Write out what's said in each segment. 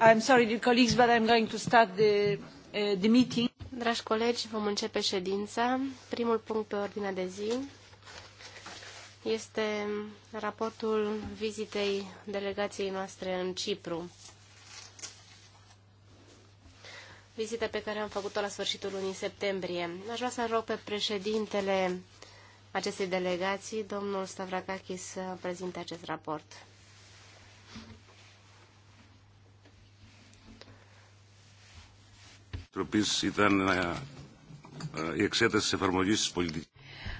I'm sorry, dear colleagues, but I'm going to start the, uh, the meeting. Dragi colegi, vom începe ședința. Primul punct pe ordinea de zi este raportul vizitei delegației noastre în Cipru. Vizită pe care am făcut-o la sfârșitul lunii septembrie. Aș vrea să rog pe președintele acestei delegații, domnul Stavrakakis, să prezinte acest raport. Τροπής ήταν η εξέταση της εφαρμογής της πολιτικής.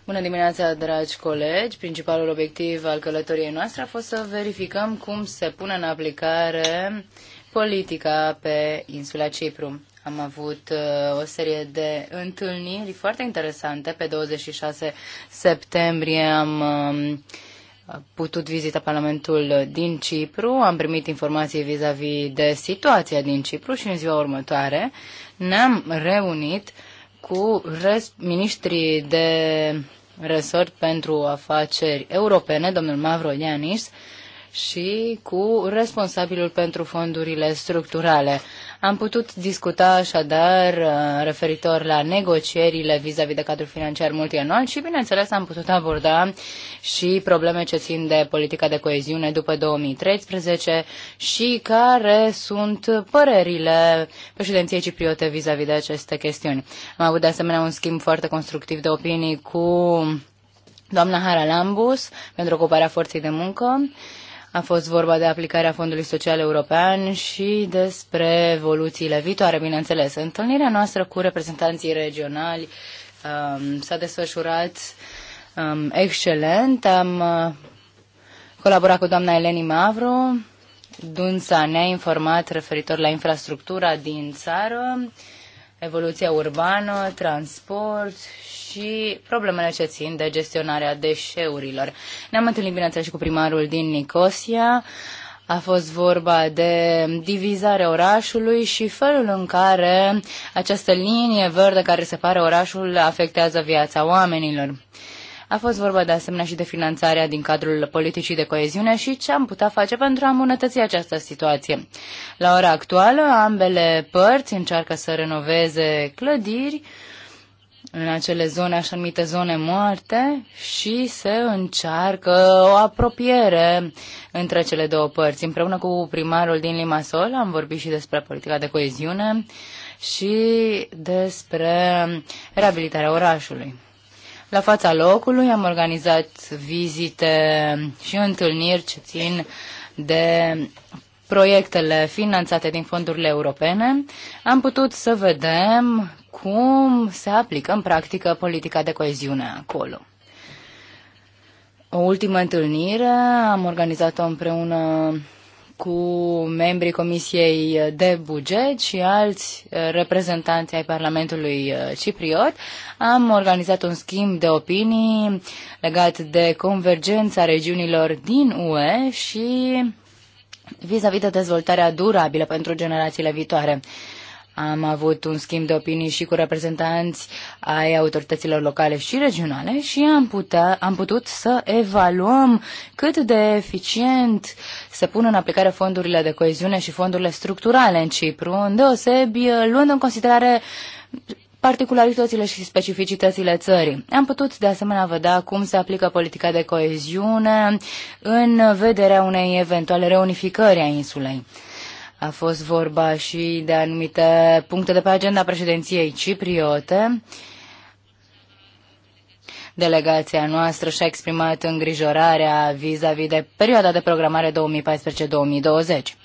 Bună dimineața, dragi colegi! Principalul obiectiv al călătoriei noastre a fost să verificăm cum se pune în aplicare politica pe insula Cipru. Am avut uh, o serie de întâlniri foarte interesante. Pe 26 septembrie am um, putut vizita Parlamentul din Cipru, am primit informații vis-a-vis -vis de situația din Cipru și în ziua următoare ne-am reunit cu rest, ministrii de resort pentru afaceri europene, domnul Mavrolianis, și cu responsabilul pentru fondurile structurale. Am putut discuta așadar uh, referitor la negocierile vis-a-vis -vis de cadrul financiar multianual și, bineînțeles, am putut aborda și probleme ce țin de politica de coeziune după 2013 și care sunt părerile președinției cipriote vis-a-vis -vis de aceste chestiuni. Am avut de asemenea un schimb foarte constructiv de opinii cu doamna Haralambus pentru ocuparea forței de muncă a fost vorba de aplicarea Fondului Social European și despre evoluțiile viitoare, bineînțeles. Întâlnirea noastră cu reprezentanții regionali um, s-a desfășurat um, excelent. Am uh, colaborat cu doamna Eleni Mavro. Dunța ne-a informat referitor la infrastructura din țară, evoluția urbană, transport și problemele ce țin de gestionarea deșeurilor. Ne-am întâlnit, bineînțeles, și cu primarul din Nicosia. A fost vorba de divizarea orașului și felul în care această linie verde care separă orașul afectează viața oamenilor. A fost vorba de asemenea și de finanțarea din cadrul politicii de coeziune și ce am putea face pentru a îmbunătăți această situație. La ora actuală, ambele părți încearcă să renoveze clădiri, în acele zone, așa numite zone moarte, și se încearcă o apropiere între cele două părți. Împreună cu primarul din Limasol am vorbit și despre politica de coeziune și despre reabilitarea orașului. La fața locului am organizat vizite și întâlniri ce țin de proiectele finanțate din fondurile europene, am putut să vedem cum se aplică în practică politica de coeziune acolo. O ultimă întâlnire am organizat-o împreună cu membrii Comisiei de Buget și alți eh, reprezentanți ai Parlamentului eh, Cipriot. Am organizat un schimb de opinii legat de convergența regiunilor din UE și vis-a-vis -vis de dezvoltarea durabilă pentru generațiile viitoare. Am avut un schimb de opinii și cu reprezentanți ai autorităților locale și regionale și am, putea, am putut să evaluăm cât de eficient se pun în aplicare fondurile de coeziune și fondurile structurale în Cipru, îndeosebi luând în considerare particularitățile și specificitățile țării. Am putut de asemenea vedea cum se aplică politica de coeziune în vederea unei eventuale reunificări a insulei. A fost vorba și de anumite puncte de pe agenda președinției cipriote. Delegația noastră și-a exprimat îngrijorarea vis-a-vis -vis de perioada de programare 2014-2020.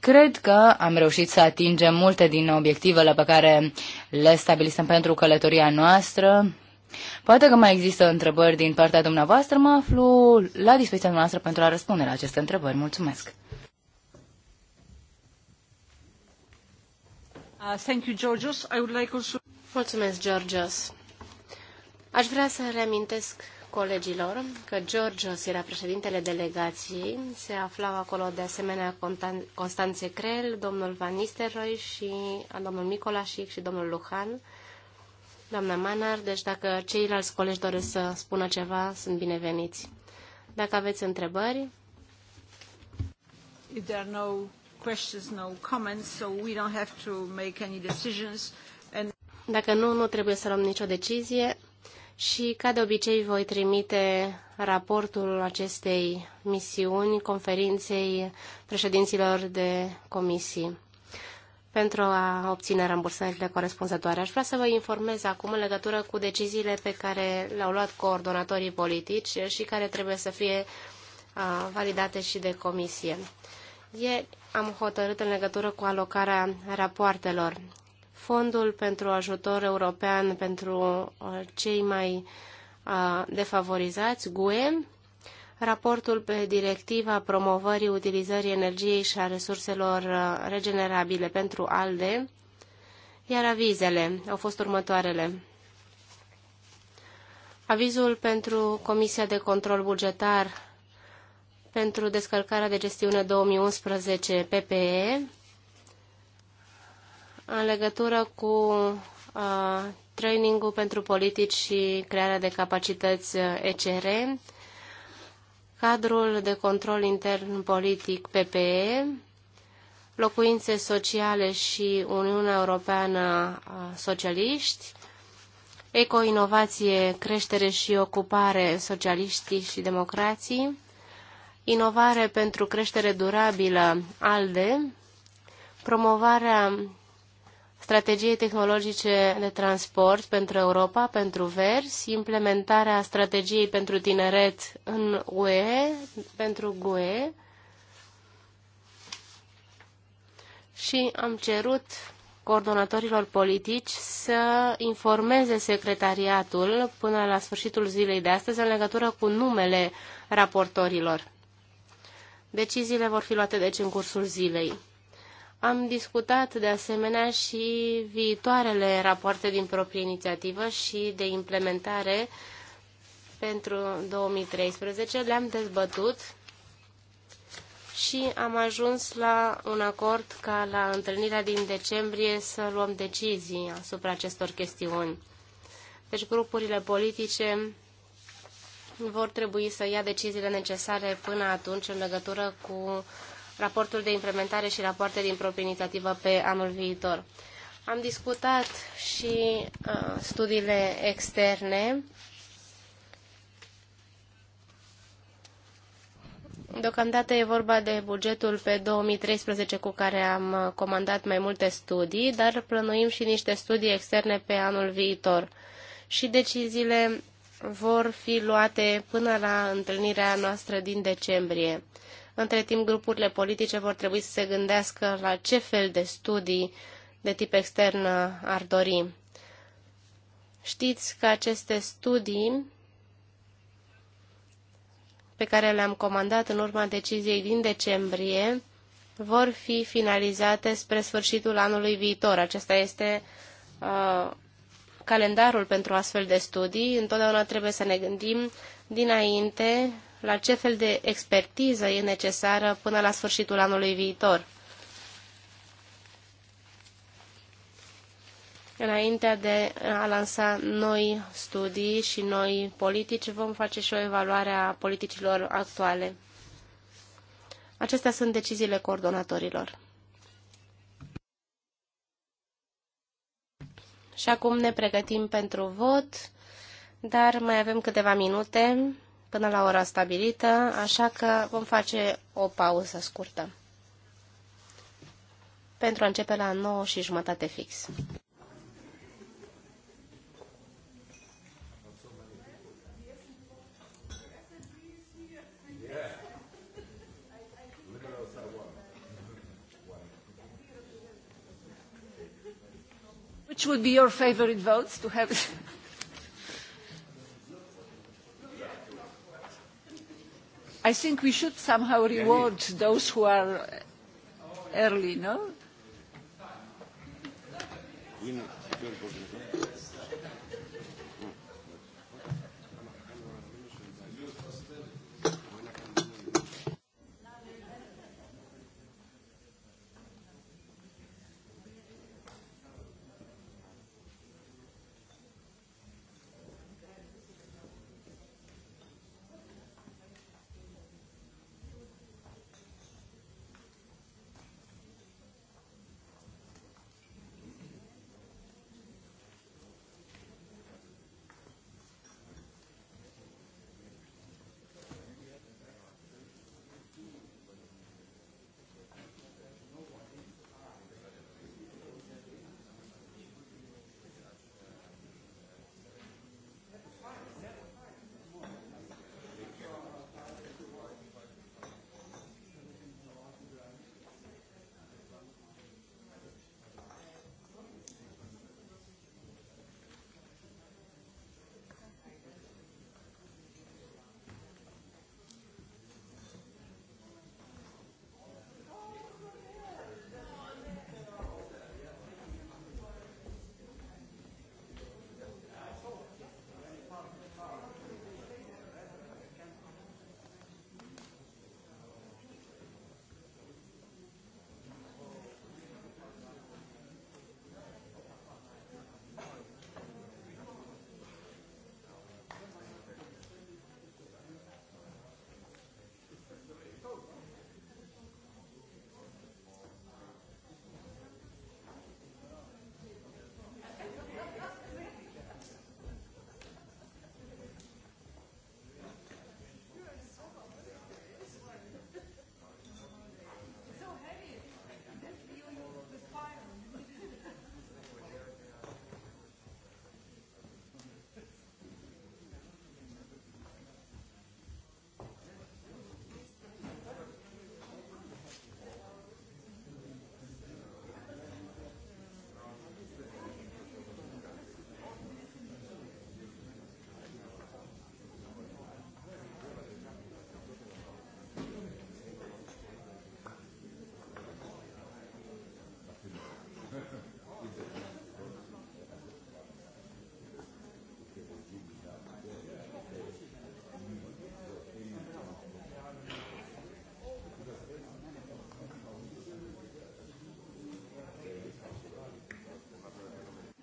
Cred că am reușit să atingem multe din obiectivele pe care le stabilisem pentru călătoria noastră. Poate că mai există întrebări din partea dumneavoastră, mă aflu la dispoziția noastră pentru a răspunde la aceste întrebări. Mulțumesc! Uh, Aș vrea să reamintesc colegilor că Georgios era președintele delegației, se aflau acolo de asemenea Constanțe Crel, domnul Van Nistelrooy și domnul Micolașic și domnul Luhan, doamna Manar, deci dacă ceilalți colegi doresc să spună ceva, sunt bineveniți. Dacă aveți întrebări... If there are no questions, no comments, so we don't have to make any decisions. And... Dacă nu, nu trebuie să luăm nicio decizie și, ca de obicei, voi trimite raportul acestei misiuni conferinței președinților de comisii pentru a obține rambursările corespunzătoare. Aș vrea să vă informez acum în legătură cu deciziile pe care le-au luat coordonatorii politici și care trebuie să fie validate și de comisie. Ieri am hotărât în legătură cu alocarea rapoartelor. Fondul pentru ajutor european pentru uh, cei mai uh, defavorizați, GUE, raportul pe directiva promovării utilizării energiei și a resurselor uh, regenerabile pentru ALDE, iar avizele au fost următoarele. Avizul pentru Comisia de Control Bugetar pentru descărcarea de gestiune 2011 PPE în legătură cu uh, trainingul pentru politici și crearea de capacități uh, ECR, cadrul de control intern politic PPE, locuințe sociale și Uniunea Europeană uh, Socialiști, ecoinovație, creștere și ocupare socialiștii și democrații, inovare pentru creștere durabilă, ALDE, promovarea strategiei tehnologice de transport pentru Europa, pentru verzi, implementarea strategiei pentru tineret în UE, pentru GUE și am cerut coordonatorilor politici să informeze secretariatul până la sfârșitul zilei de astăzi în legătură cu numele raportorilor. Deciziile vor fi luate deci în cursul zilei. Am discutat de asemenea și viitoarele rapoarte din proprie inițiativă și de implementare pentru 2013. Le-am dezbătut și am ajuns la un acord ca la întâlnirea din decembrie să luăm decizii asupra acestor chestiuni. Deci grupurile politice vor trebui să ia deciziile necesare până atunci în legătură cu raportul de implementare și rapoarte din proprie inițiativă pe anul viitor. Am discutat și uh, studiile externe. Deocamdată e vorba de bugetul pe 2013 cu care am uh, comandat mai multe studii, dar plănuim și niște studii externe pe anul viitor. Și deciziile vor fi luate până la întâlnirea noastră din decembrie. Între timp, grupurile politice vor trebui să se gândească la ce fel de studii de tip extern ar dori. Știți că aceste studii pe care le-am comandat în urma deciziei din decembrie vor fi finalizate spre sfârșitul anului viitor. Acesta este uh, calendarul pentru astfel de studii, întotdeauna trebuie să ne gândim dinainte la ce fel de expertiză e necesară până la sfârșitul anului viitor. Înainte de a lansa noi studii și noi politici, vom face și o evaluare a politicilor actuale. Acestea sunt deciziile coordonatorilor. Și acum ne pregătim pentru vot, dar mai avem câteva minute până la ora stabilită, așa că vom face o pauză scurtă pentru a începe la 9 și jumătate fix. Which would be your favorite votes to have? I think we should somehow reward those who are early, no?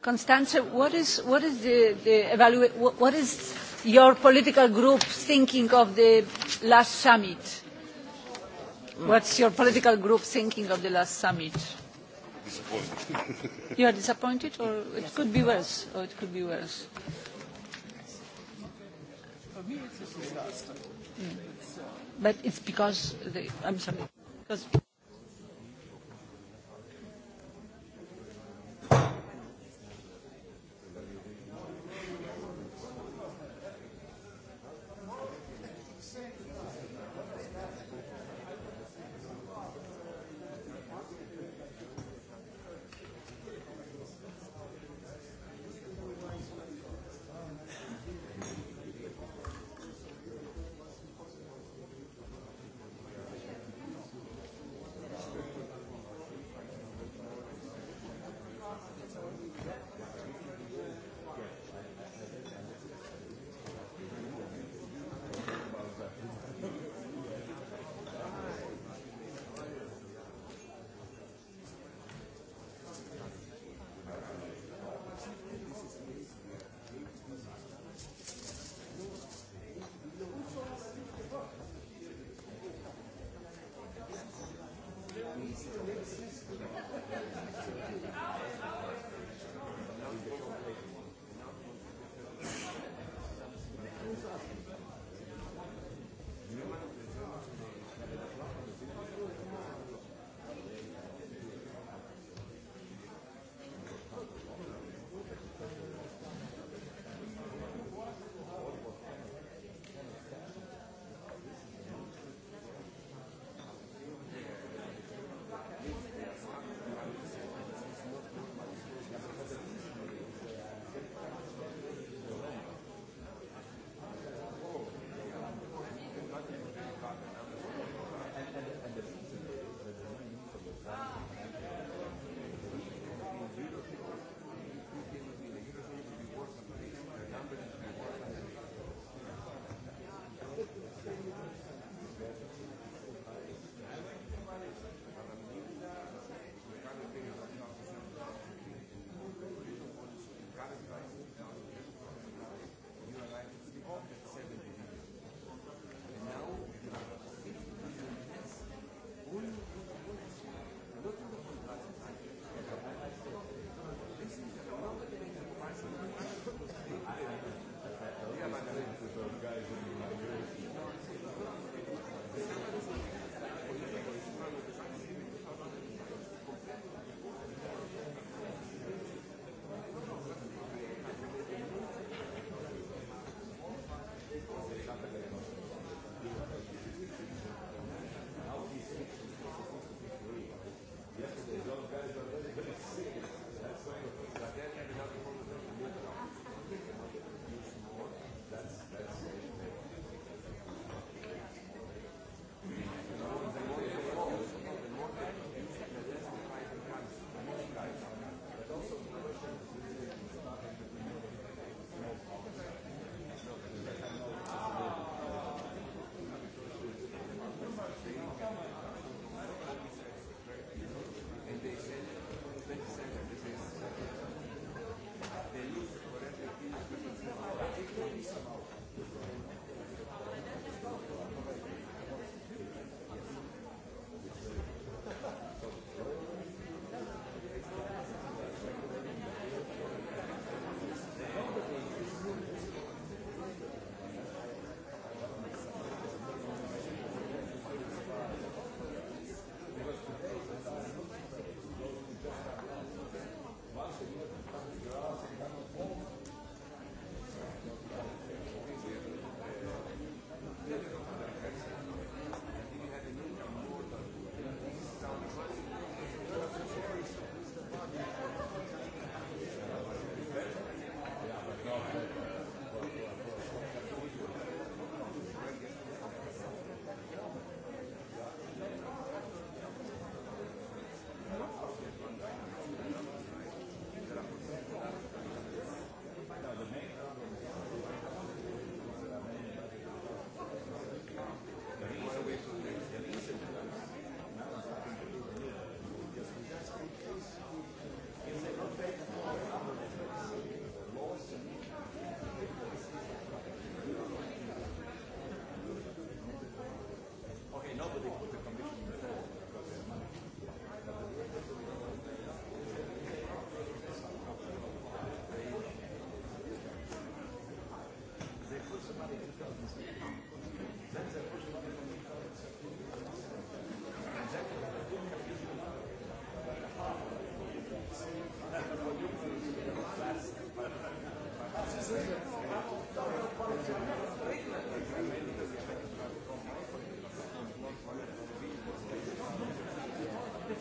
Constanze, what is, what is the, the evaluate, what is your political group thinking of the last summit? What's your political group thinking of the last summit? Disappointed. you are disappointed, or it could be worse, or it could be worse. For me, it's a disaster. Mm. But it's because the, I'm sorry. Because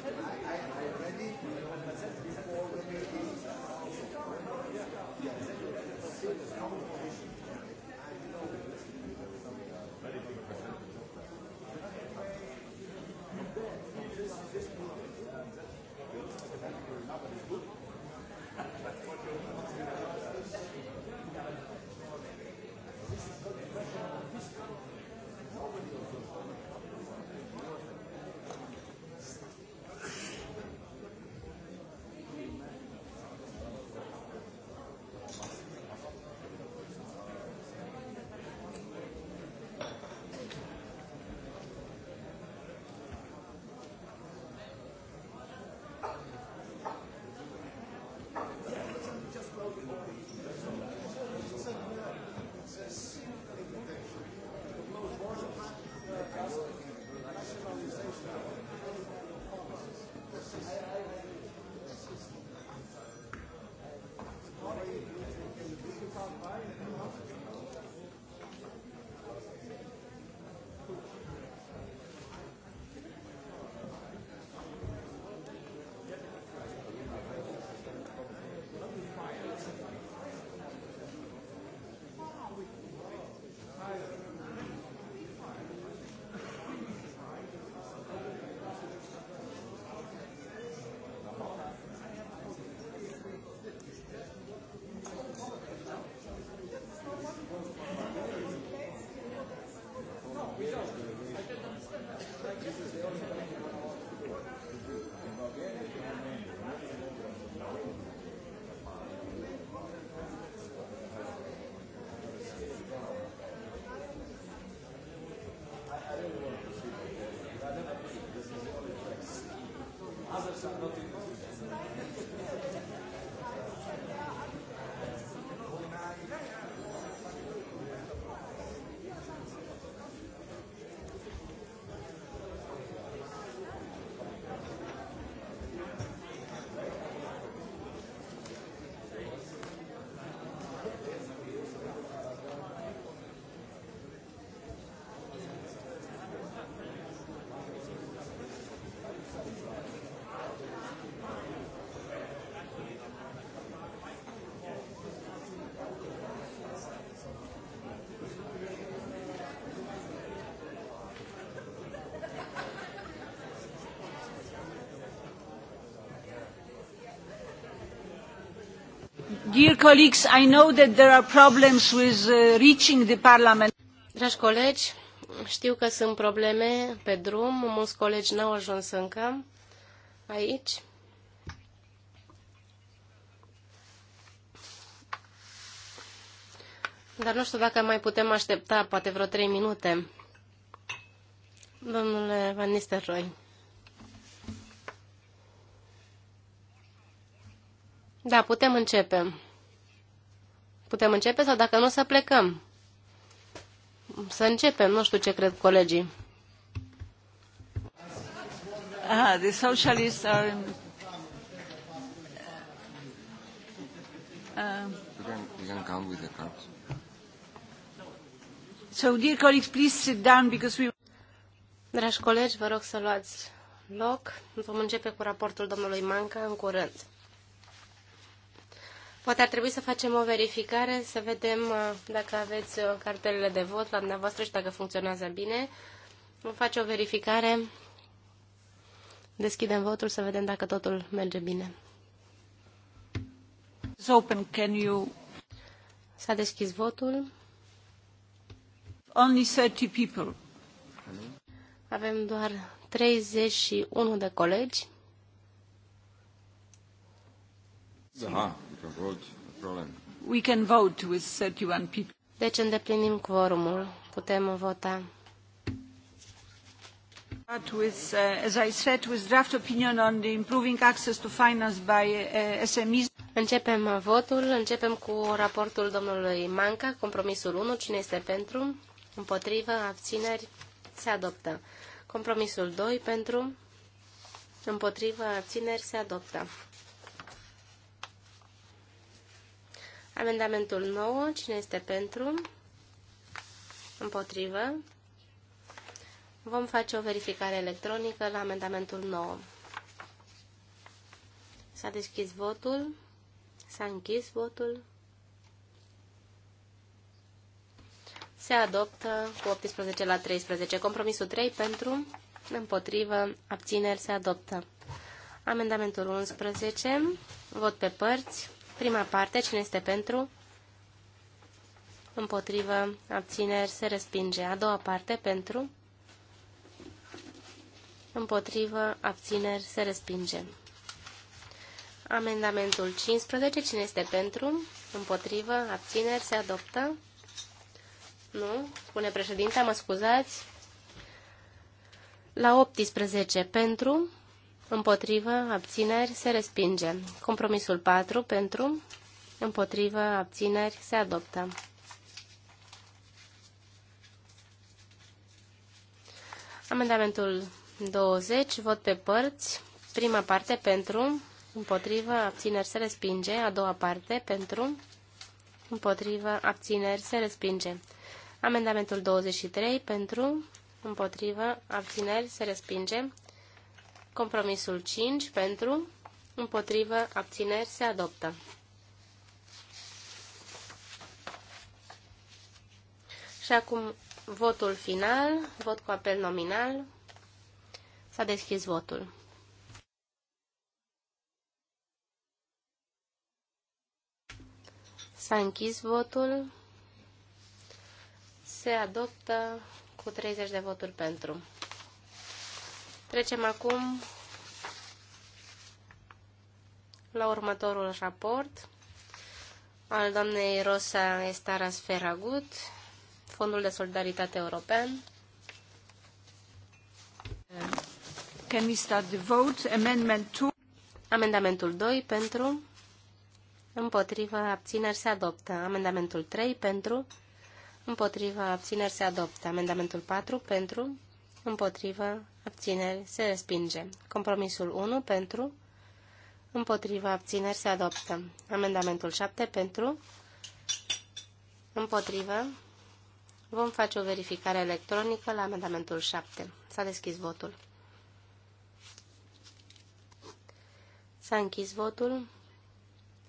I, I, I ready. Dragi colegi, știu că sunt probleme pe drum, mulți colegi n-au ajuns încă aici. Dar nu știu dacă mai putem aștepta, poate vreo trei minute. Domnule Van Nistelrooy. Da, putem începe. Putem începe sau dacă nu, să plecăm. Să începem, nu știu ce cred colegii. Ah, the socialists are... In... Uh, um, you, can, you can count with the cards. So, dear colleagues, please sit down because we... Dragi colegi, vă rog să luați loc. Vom începe cu raportul domnului Manca în curând. Poate ar trebui să facem o verificare, să vedem uh, dacă aveți uh, cartelele de vot la dumneavoastră și dacă funcționează bine. Vom face o verificare. Deschidem votul să vedem dacă totul merge bine. open. Can you... S-a deschis votul. Only 30 people. Avem doar 31 de colegi. Da. We can vote with 31 people. Deci îndeplinim quorumul. Putem vota. With, uh, as I said, with draft opinion on the improving access to finance by uh, SMEs. Începem votul. Începem cu raportul domnului Manca, compromisul 1. Cine este pentru? Împotrivă? Abțineri? Se adoptă. Compromisul 2 pentru? Împotrivă? Abțineri? Se adoptă. Amendamentul 9, cine este pentru? Împotrivă. Vom face o verificare electronică la amendamentul 9. S-a deschis votul. S-a închis votul. Se adoptă cu 18 la 13. Compromisul 3 pentru, împotrivă, abțineri se adoptă. Amendamentul 11, vot pe părți. Prima parte, cine este pentru? Împotrivă, abțineri, se respinge. A doua parte, pentru? Împotrivă, abțineri, se respinge. Amendamentul 15, cine este pentru? Împotrivă, abțineri, se adoptă? Nu? Spune președinta, mă scuzați. La 18, pentru? împotrivă, abțineri, se respinge. Compromisul 4 pentru, împotrivă, abțineri, se adoptă. Amendamentul 20, vot pe părți, prima parte pentru, împotrivă, abțineri, se respinge, a doua parte pentru, împotrivă, abțineri, se respinge. Amendamentul 23 pentru, împotrivă, abțineri, se respinge. Compromisul 5 pentru, împotrivă, abțineri se adoptă. Și acum votul final, vot cu apel nominal. S-a deschis votul. S-a închis votul. Se adoptă cu 30 de voturi pentru. Trecem acum la următorul raport al doamnei Rosa Estaras Ferragut, Fondul de Solidaritate European. Can we start the vote? Amendment two. Amendamentul 2 pentru, împotriva abțineri se adoptă. Amendamentul 3 pentru, împotriva abțineri se adoptă. Amendamentul 4 pentru, împotrivă, abțineri, se respinge. Compromisul 1 pentru, împotrivă, abțineri, se adoptă. Amendamentul 7 pentru, împotrivă, vom face o verificare electronică la amendamentul 7. S-a deschis votul. S-a închis votul.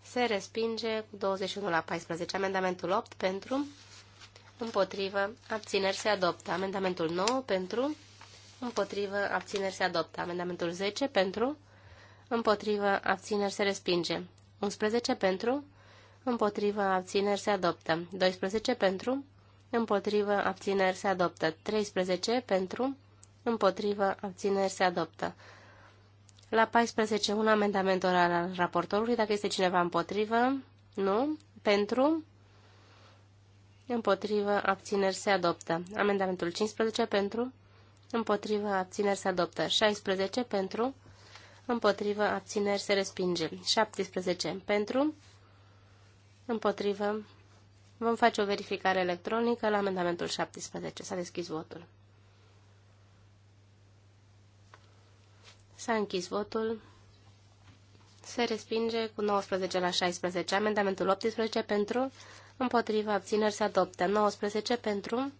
Se respinge cu 21 la 14. Amendamentul 8 pentru, împotrivă, abțineri se adoptă. Amendamentul 9 pentru, împotrivă, abțineri se adoptă. Amendamentul 10 pentru, împotrivă, abțineri se respinge. 11 pentru, împotrivă, abțineri se adoptă. 12 pentru, împotrivă, abțineri se adoptă. 13 pentru, împotrivă, abțineri se adoptă. La 14, un amendament oral al raportorului, dacă este cineva împotrivă, nu, pentru, Împotrivă, abțineri se adoptă. Amendamentul 15 pentru. Împotrivă, abțineri se adoptă. 16 pentru. Împotrivă, abțineri se respinge. 17 pentru. Împotrivă. Vom face o verificare electronică la amendamentul 17. S-a deschis votul. S-a închis votul. Se respinge cu 19 la 16. Amendamentul 18 pentru, împotriva abțineri se adoptă. 19 pentru,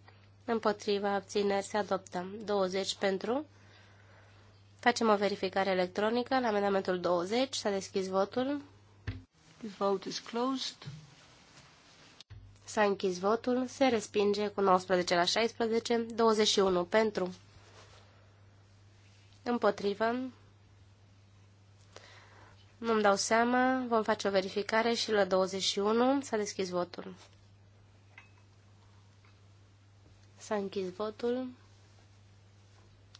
împotriva abțineri se adoptă. 20 pentru. Facem o verificare electronică la amendamentul 20. S-a deschis votul. The vote is closed. S-a închis votul, se respinge cu 19 la 16, 21 pentru, Împotriva. Nu-mi dau seama, vom face o verificare și la 21 s-a deschis votul. S-a închis votul.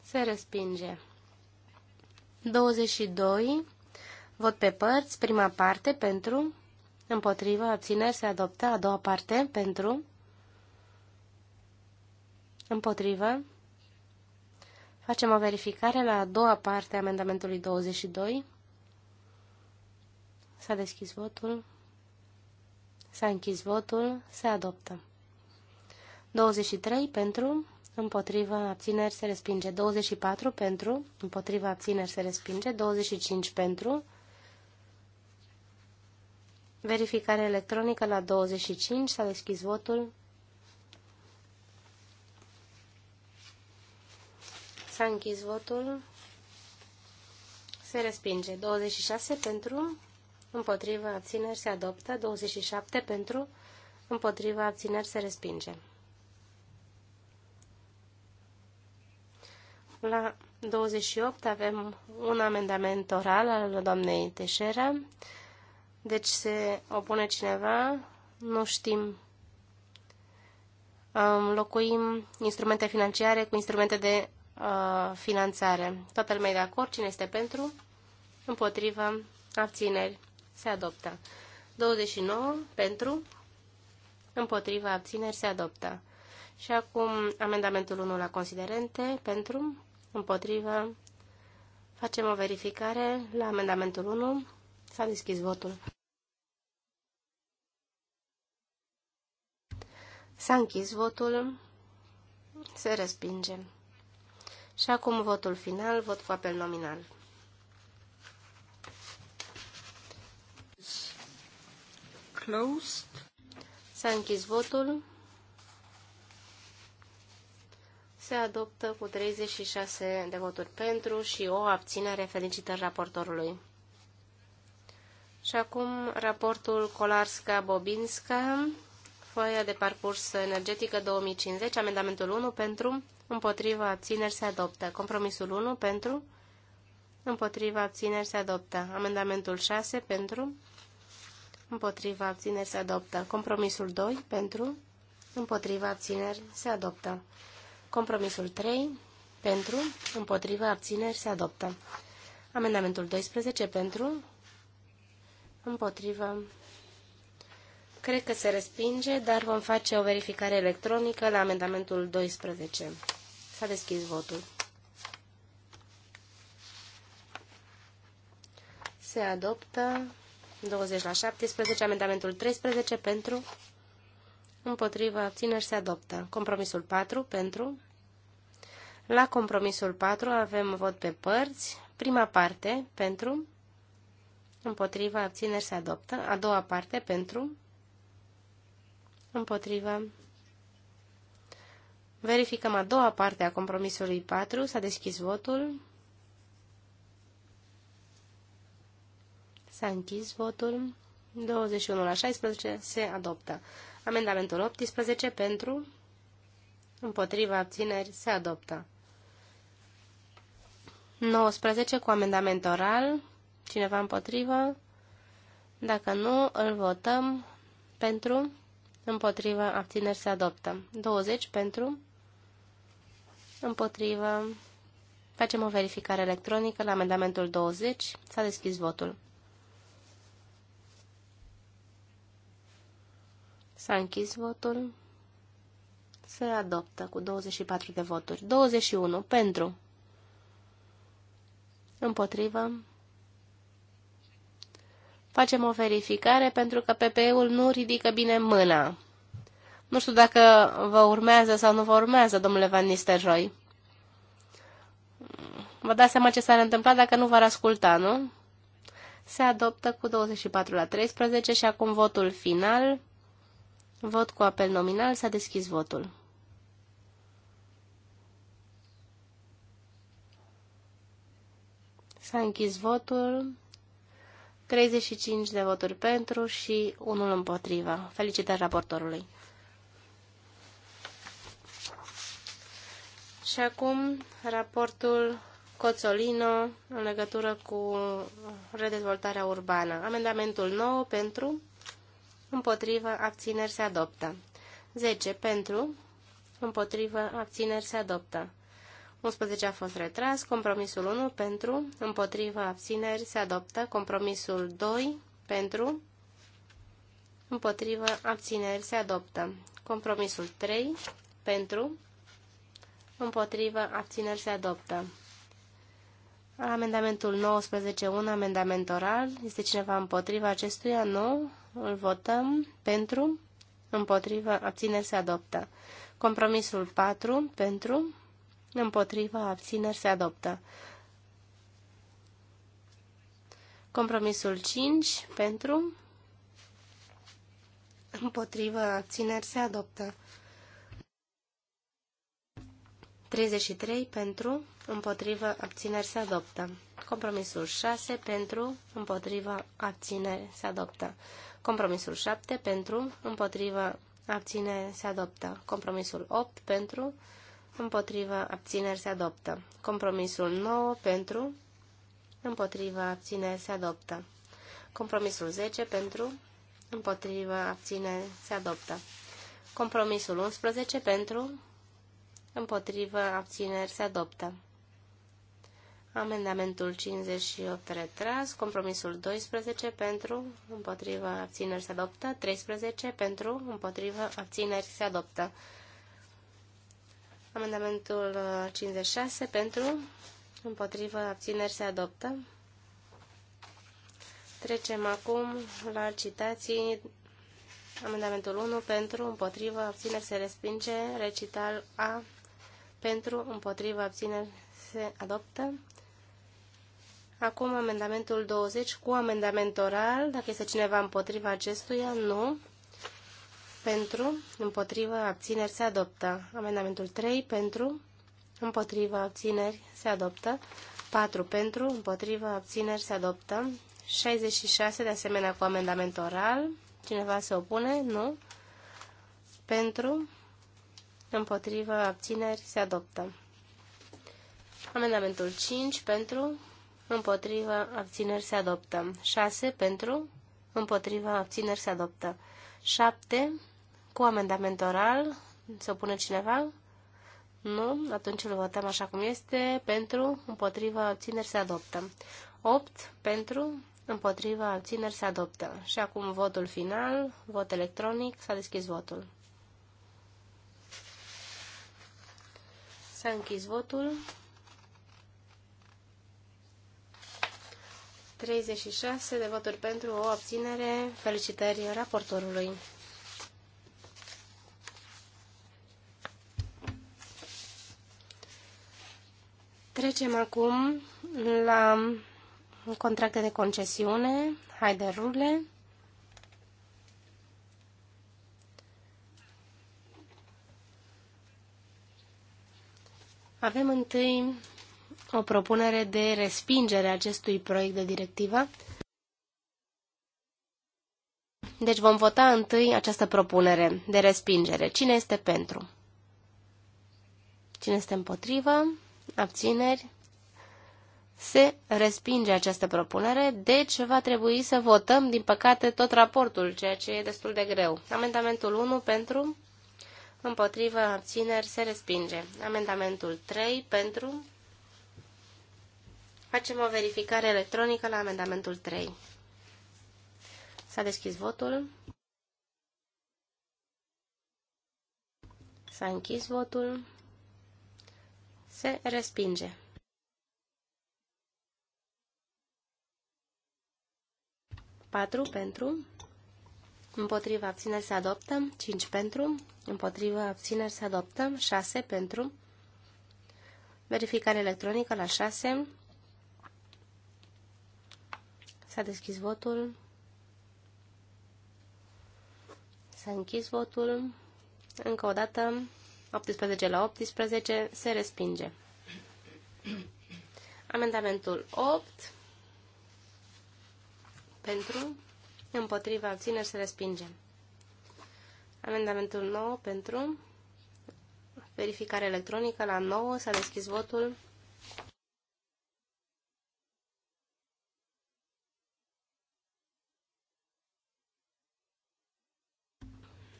Se respinge. 22. Vot pe părți. Prima parte pentru. Împotrivă. Abțineri. Se adoptă. A doua parte pentru. Împotrivă. Facem o verificare la a doua parte a amendamentului 22. S-a deschis votul. S-a închis votul. Se adoptă. 23 pentru, împotriva abțineri se respinge. 24 pentru, împotriva abțineri se respinge. 25 pentru. Verificare electronică la 25. S-a deschis votul. S-a închis votul. Se respinge. 26 pentru, împotrivă, abțineri se adoptă, 27 pentru, împotrivă, abțineri se respinge. La 28 avem un amendament oral al doamnei Teșera. Deci se opune cineva, nu știm. Locuim instrumente financiare cu instrumente de uh, finanțare. Toată lumea e de acord? Cine este pentru? Împotrivă? Abțineri? se adoptă. 29 pentru, împotriva abțineri se adoptă. Și acum amendamentul 1 la considerente pentru, împotriva, facem o verificare la amendamentul 1, s-a deschis votul. S-a închis votul, se respinge. Și acum votul final, vot cu apel nominal. closed. S-a închis votul. Se adoptă cu 36 de voturi pentru și o abținere. Felicitări raportorului. Și acum raportul Kolarska-Bobinska, foaia de parcurs energetică 2050, amendamentul 1 pentru, împotriva abțineri se adoptă. Compromisul 1 pentru, împotriva abțineri se adoptă. Amendamentul 6 pentru, împotriva abțineri se adoptă. Compromisul 2 pentru, împotriva abțineri se adoptă. Compromisul 3 pentru, împotriva abțineri se adoptă. Amendamentul 12 pentru, împotriva. Cred că se respinge, dar vom face o verificare electronică la amendamentul 12. S-a deschis votul. Se adoptă 20 la 17, amendamentul 13 pentru, împotrivă, abțineri se adoptă. Compromisul 4 pentru. La compromisul 4 avem vot pe părți. Prima parte pentru, împotrivă, abțineri se adoptă. A doua parte pentru, împotrivă. Verificăm a doua parte a compromisului 4. S-a deschis votul. S-a închis votul. 21 la 16 se adoptă. Amendamentul 18 pentru, împotriva abțineri se adoptă. 19 cu amendament oral. Cineva împotrivă? Dacă nu, îl votăm pentru, împotriva abțineri se adoptă. 20 pentru, împotrivă. Facem o verificare electronică la amendamentul 20. S-a deschis votul. S-a închis votul. Se adoptă cu 24 de voturi. 21 pentru. Împotrivă. Facem o verificare pentru că PPE-ul nu ridică bine mâna. Nu știu dacă vă urmează sau nu vă urmează, domnule Van Nistelrooy. Vă dați seama ce s-ar întâmpla dacă nu v-ar asculta, nu? Se adoptă cu 24 la 13 și acum votul final. Vot cu apel nominal. S-a deschis votul. S-a închis votul. 35 de voturi pentru și unul împotriva. Felicitări raportorului. Și acum raportul Coțolino în legătură cu redezvoltarea urbană. Amendamentul 9 pentru împotrivă, abțineri se adoptă. 10 pentru, împotrivă, abțineri se adoptă. 11 a fost retras, compromisul 1 pentru, împotrivă, abțineri se adoptă, compromisul 2 pentru, împotrivă, abțineri se adoptă. Compromisul 3 pentru, împotrivă, abțineri se adoptă. Amendamentul 19, un amendament oral. Este cineva împotriva acestuia? Nu. Îl votăm. Pentru. Împotriva. Abțineri se adoptă. Compromisul 4. Pentru. Împotriva. Abțineri se adoptă. Compromisul 5. Pentru. Împotriva. Abțineri se adoptă. 33 pentru, împotrivă, abțineri se adoptă. Compromisul 6 pentru, împotrivă, abțineri se adoptă. Compromisul 7 pentru, împotrivă, abțineri se adoptă. Compromisul 8 pentru, împotrivă, abțineri se adoptă. Compromisul 9 pentru, împotrivă, abțineri se adoptă. Compromisul 10 pentru, împotrivă, abțineri se adoptă. Compromisul 11 pentru, împotrivă, abțineri, se adoptă. Amendamentul 58 retras, compromisul 12 pentru, împotrivă, abțineri, se adoptă, 13 pentru, împotrivă, abțineri, se adoptă. Amendamentul 56 pentru, împotrivă, abțineri, se adoptă. Trecem acum la citații. Amendamentul 1 pentru, împotrivă, abțineri se respinge, recital A pentru, împotrivă, abțineri, se adoptă. Acum amendamentul 20 cu amendament oral, dacă este cineva împotriva acestuia, nu. Pentru, împotrivă, abțineri, se adoptă. Amendamentul 3, pentru, împotrivă, abțineri, se adoptă. 4 pentru, împotrivă, abțineri, se adoptă. 66 de asemenea cu amendament oral. Cineva se opune? Nu. Pentru, împotrivă, abțineri, se adoptă. Amendamentul 5 pentru, împotrivă, abțineri, se adoptă. 6 pentru, împotrivă, abțineri, se adoptă. 7 cu amendament oral, se opune cineva? Nu, atunci îl votăm așa cum este, pentru, împotrivă, abțineri, se adoptă. 8 pentru, împotrivă, abțineri, se adoptă. Și acum votul final, vot electronic, s-a deschis votul. S-a închis votul. 36 de voturi pentru o abținere. Felicitări raportorului. Trecem acum la contracte de concesiune. Haide, rule. Avem întâi o propunere de respingere a acestui proiect de directivă. Deci vom vota întâi această propunere de respingere. Cine este pentru? Cine este împotrivă? Abțineri? Se respinge această propunere, deci va trebui să votăm, din păcate, tot raportul, ceea ce e destul de greu. Amendamentul 1 pentru, împotrivă, abțineri, se respinge. Amendamentul 3 pentru... Facem o verificare electronică la amendamentul 3. S-a deschis votul. S-a închis votul. Se respinge. Patru pentru împotriva abțineri se adoptă, 5 pentru, împotriva abțineri se adoptă, 6 pentru, verificare electronică la 6, s-a deschis votul, s-a închis votul, încă o dată, 18 la 18, se respinge. Amendamentul 8 pentru împotriva abțineri se respinge. Amendamentul 9 pentru verificare electronică la 9 s-a deschis votul.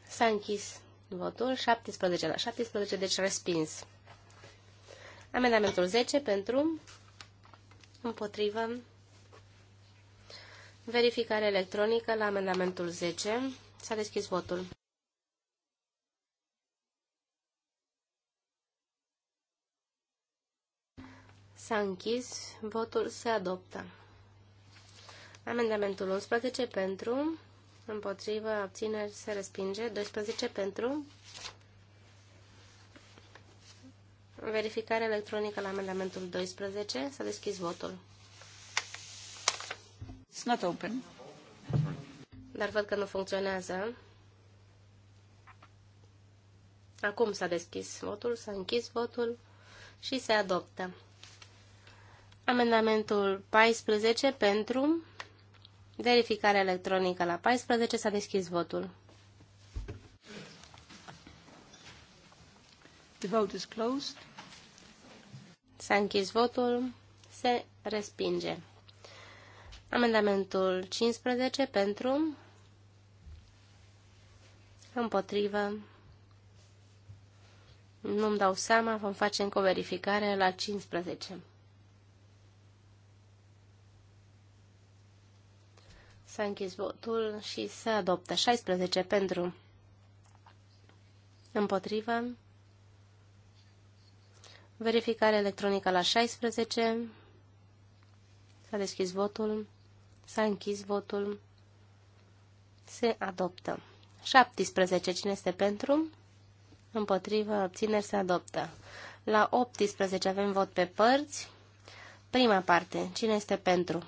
S-a închis votul 17 la 17, deci respins. Amendamentul 10 pentru împotrivă Verificare electronică la amendamentul 10. S-a deschis votul. S-a închis. Votul se adoptă. Amendamentul 11 pentru, împotrivă, abțineri, se respinge. 12 pentru, verificare electronică la amendamentul 12, s-a deschis votul. It's not open. Dar văd că nu funcționează. Acum s-a deschis votul, s-a închis votul și se adoptă. Amendamentul 14 pentru verificare electronică la 14 s-a deschis votul. The vote is closed. S-a închis votul, se respinge. Amendamentul 15 pentru, împotrivă, nu-mi dau seama, vom face încă o verificare la 15. S-a închis votul și se adoptă 16 pentru, împotrivă, verificare electronică la 16, s-a deschis votul. S-a închis votul. Se adoptă. 17. Cine este pentru? Împotrivă, obțineri, se adoptă. La 18 avem vot pe părți. Prima parte. Cine este pentru?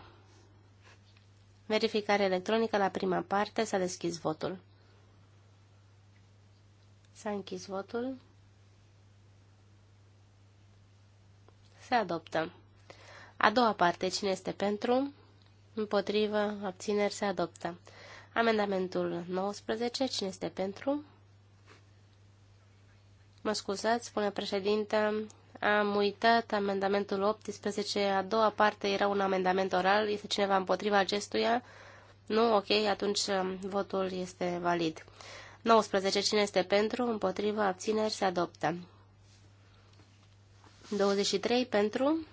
Verificare electronică la prima parte. S-a deschis votul. S-a închis votul. Se adoptă. A doua parte. Cine este pentru? împotrivă, abțineri se adoptă. Amendamentul 19, cine este pentru? Mă scuzați, spune președinte, am uitat amendamentul 18, a doua parte era un amendament oral, este cineva împotriva acestuia? Nu? Ok, atunci um, votul este valid. 19. Cine este pentru? Împotriva? Abțineri? Se adoptă. 23. Pentru?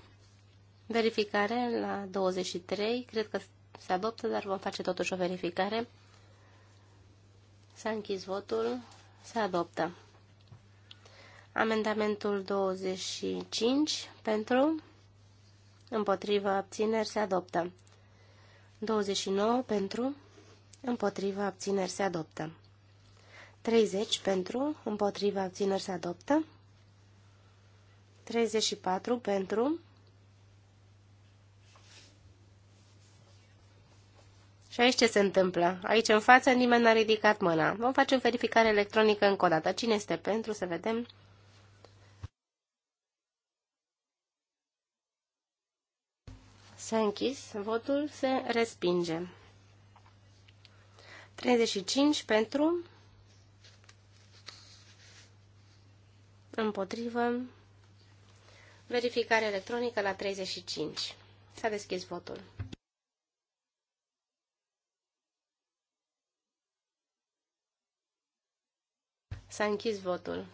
Verificare la 23. Cred că se adoptă, dar vom face totuși o verificare. S-a închis votul. Se adoptă. Amendamentul 25 pentru, împotrivă, abțineri, se adoptă. 29 pentru, împotrivă, abțineri, se adoptă. 30 pentru, împotrivă, abțineri, se adoptă. 34 pentru, Și aici ce se întâmplă? Aici în față nimeni n-a ridicat mâna. Vom face o verificare electronică încă o dată. Cine este pentru? Să vedem. S-a închis. Votul se respinge. 35 pentru. Împotrivă. Verificare electronică la 35. S-a deschis votul. S-a închis votul.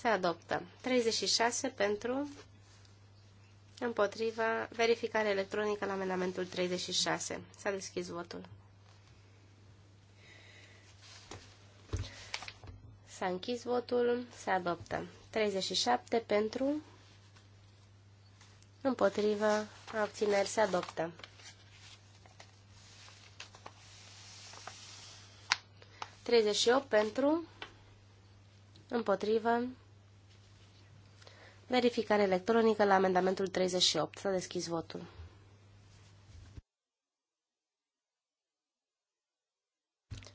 Se adoptă. 36 pentru, împotriva, verificare electronică la amendamentul 36. S-a deschis votul. S-a închis votul, se adoptă. 37 pentru, împotriva abțineri, se adoptă. 38 pentru, împotrivă, verificare electronică la amendamentul 38. Să deschis votul.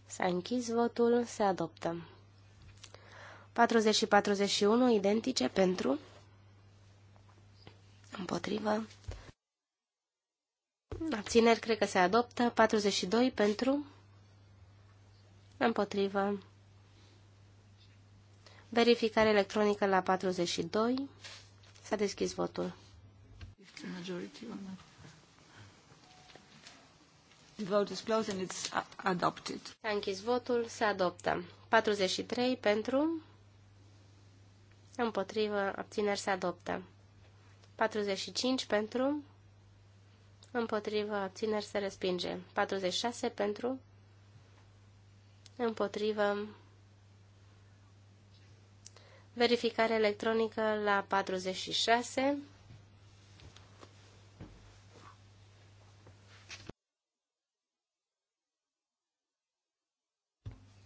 S-a închis votul, se adoptă. 40 și 41 identice pentru, împotrivă, abțineri cred că se adoptă, 42 pentru, împotrivă, Verificare electronică la 42. S-a deschis votul. The vote is closed and it's adopted. S-a închis votul, se adoptă. 43 pentru, împotrivă, abțineri se adoptă. 45 pentru, împotrivă, abțineri se respinge. 46 pentru, împotrivă, Verificare electronică la 46.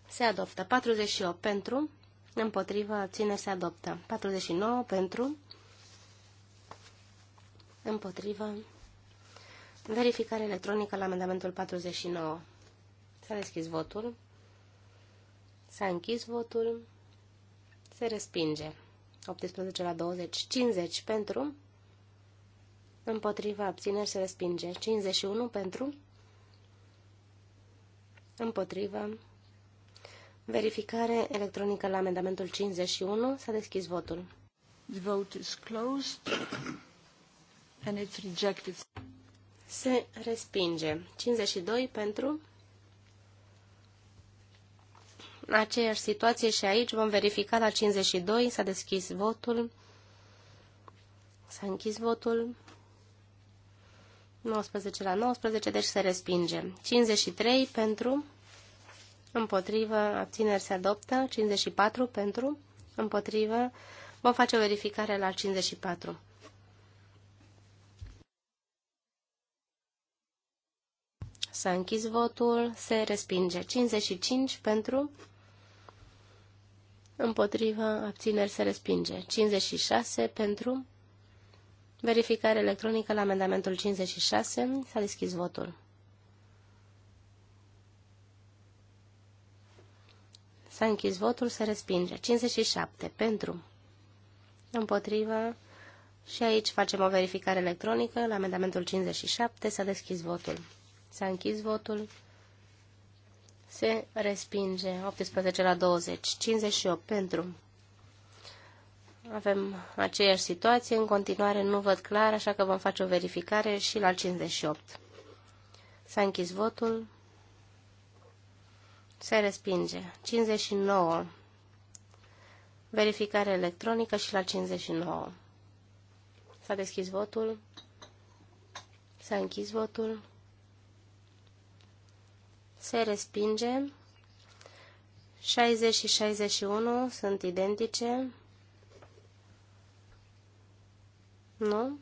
Se adoptă. 48 pentru. Împotrivă. Abține. Se adoptă. 49 pentru. Împotrivă. Verificare electronică la amendamentul 49. S-a deschis votul. S-a închis votul se respinge. 18 la 20, 50 pentru, împotriva abțineri se respinge. 51 pentru, împotriva. Verificare electronică la amendamentul 51, s-a deschis votul. The vote is closed and it's rejected. Se respinge. 52 pentru, aceeași situație și aici. Vom verifica la 52. S-a deschis votul. S-a închis votul. 19 la 19, deci se respinge. 53 pentru, împotrivă, abțineri se adoptă. 54 pentru, împotrivă. Vom face o verificare la 54. S-a închis votul, se respinge. 55 pentru, împotrivă, abțineri se respinge. 56 pentru verificare electronică la amendamentul 56. S-a deschis votul. S-a închis votul, se respinge. 57 pentru împotrivă și aici facem o verificare electronică la amendamentul 57. S-a deschis votul. S-a închis votul se respinge. 18 la 20. 58 pentru. Avem aceeași situație. În continuare nu văd clar, așa că vom face o verificare și la 58. S-a închis votul. Se respinge. 59. Verificare electronică și la 59. S-a deschis votul. S-a închis votul se respinge. 60 și 61 sunt identice. Nu?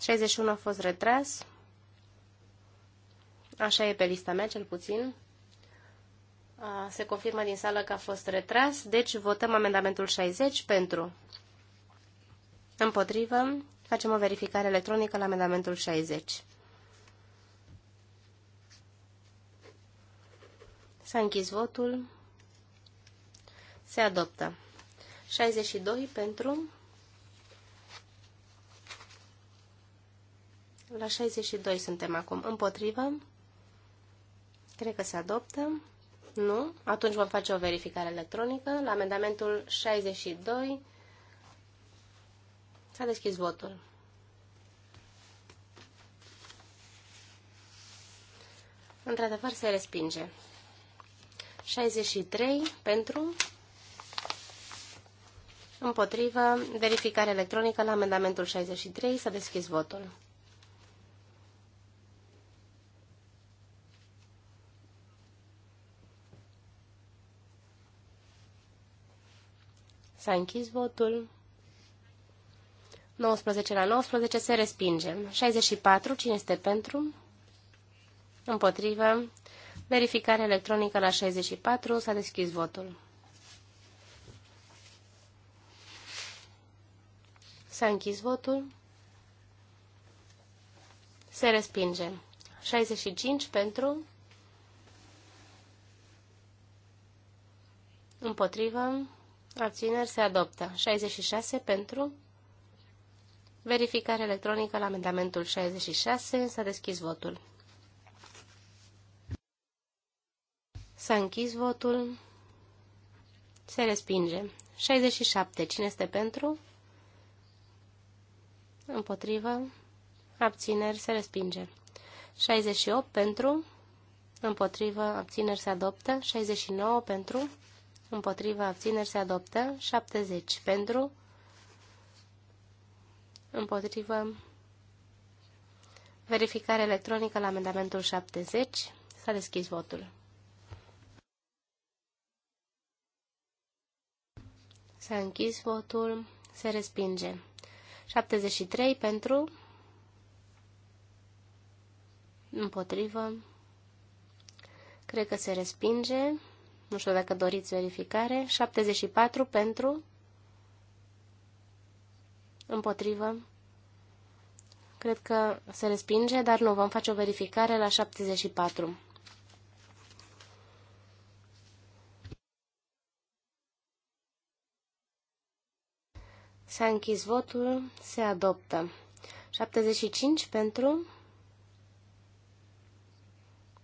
61 a fost retras. Așa e pe lista mea, cel puțin. Se confirmă din sală că a fost retras, deci votăm amendamentul 60 pentru. Împotrivă, facem o verificare electronică la amendamentul 60. S-a închis votul. Se adoptă. 62 pentru. La 62 suntem acum. Împotrivă. Cred că se adoptă. Nu. Atunci vom face o verificare electronică. La amendamentul 62 s-a deschis votul. Într-adevăr, se respinge. 63 pentru, împotrivă, verificare electronică la amendamentul 63, s-a deschis votul. S-a închis votul. 19 la 19 se respinge. 64, cine este pentru? Împotrivă. Verificare electronică la 64. S-a deschis votul. S-a închis votul. Se respinge. 65 pentru. Împotrivă. Abțineri se adoptă. 66 pentru. Verificare electronică la amendamentul 66. S-a deschis votul. S-a închis votul. Se respinge. 67. Cine este pentru? Împotrivă. Abțineri. Se respinge. 68. Pentru. Împotrivă. Abțineri. Se adoptă. 69. Pentru. Împotrivă. Abțineri. Se adoptă. 70. Pentru. Împotrivă. Verificare electronică la amendamentul 70. S-a deschis votul. S-a închis votul. Se respinge. 73 pentru. Împotrivă. Cred că se respinge. Nu știu dacă doriți verificare. 74 pentru. Împotrivă. Cred că se respinge, dar nu vom face o verificare la 74. S-a închis votul, se adoptă. 75 pentru,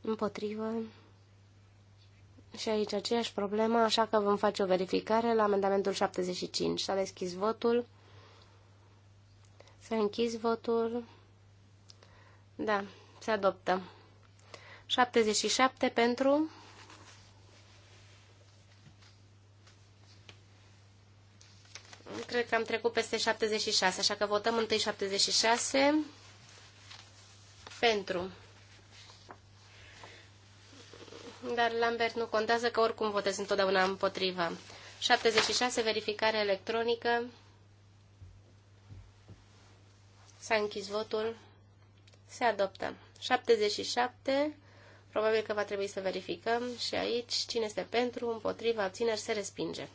împotrivă. Și aici aceeași problemă, așa că vom face o verificare la amendamentul 75. S-a deschis votul, s-a închis votul, da, se adoptă. 77 pentru, cred că am trecut peste 76, așa că votăm întâi 76 pentru. Dar Lambert nu contează că oricum votez întotdeauna împotriva. 76, verificare electronică. S-a închis votul. Se adoptă. 77, probabil că va trebui să verificăm și aici cine este pentru, împotriva, abțineri, se respinge.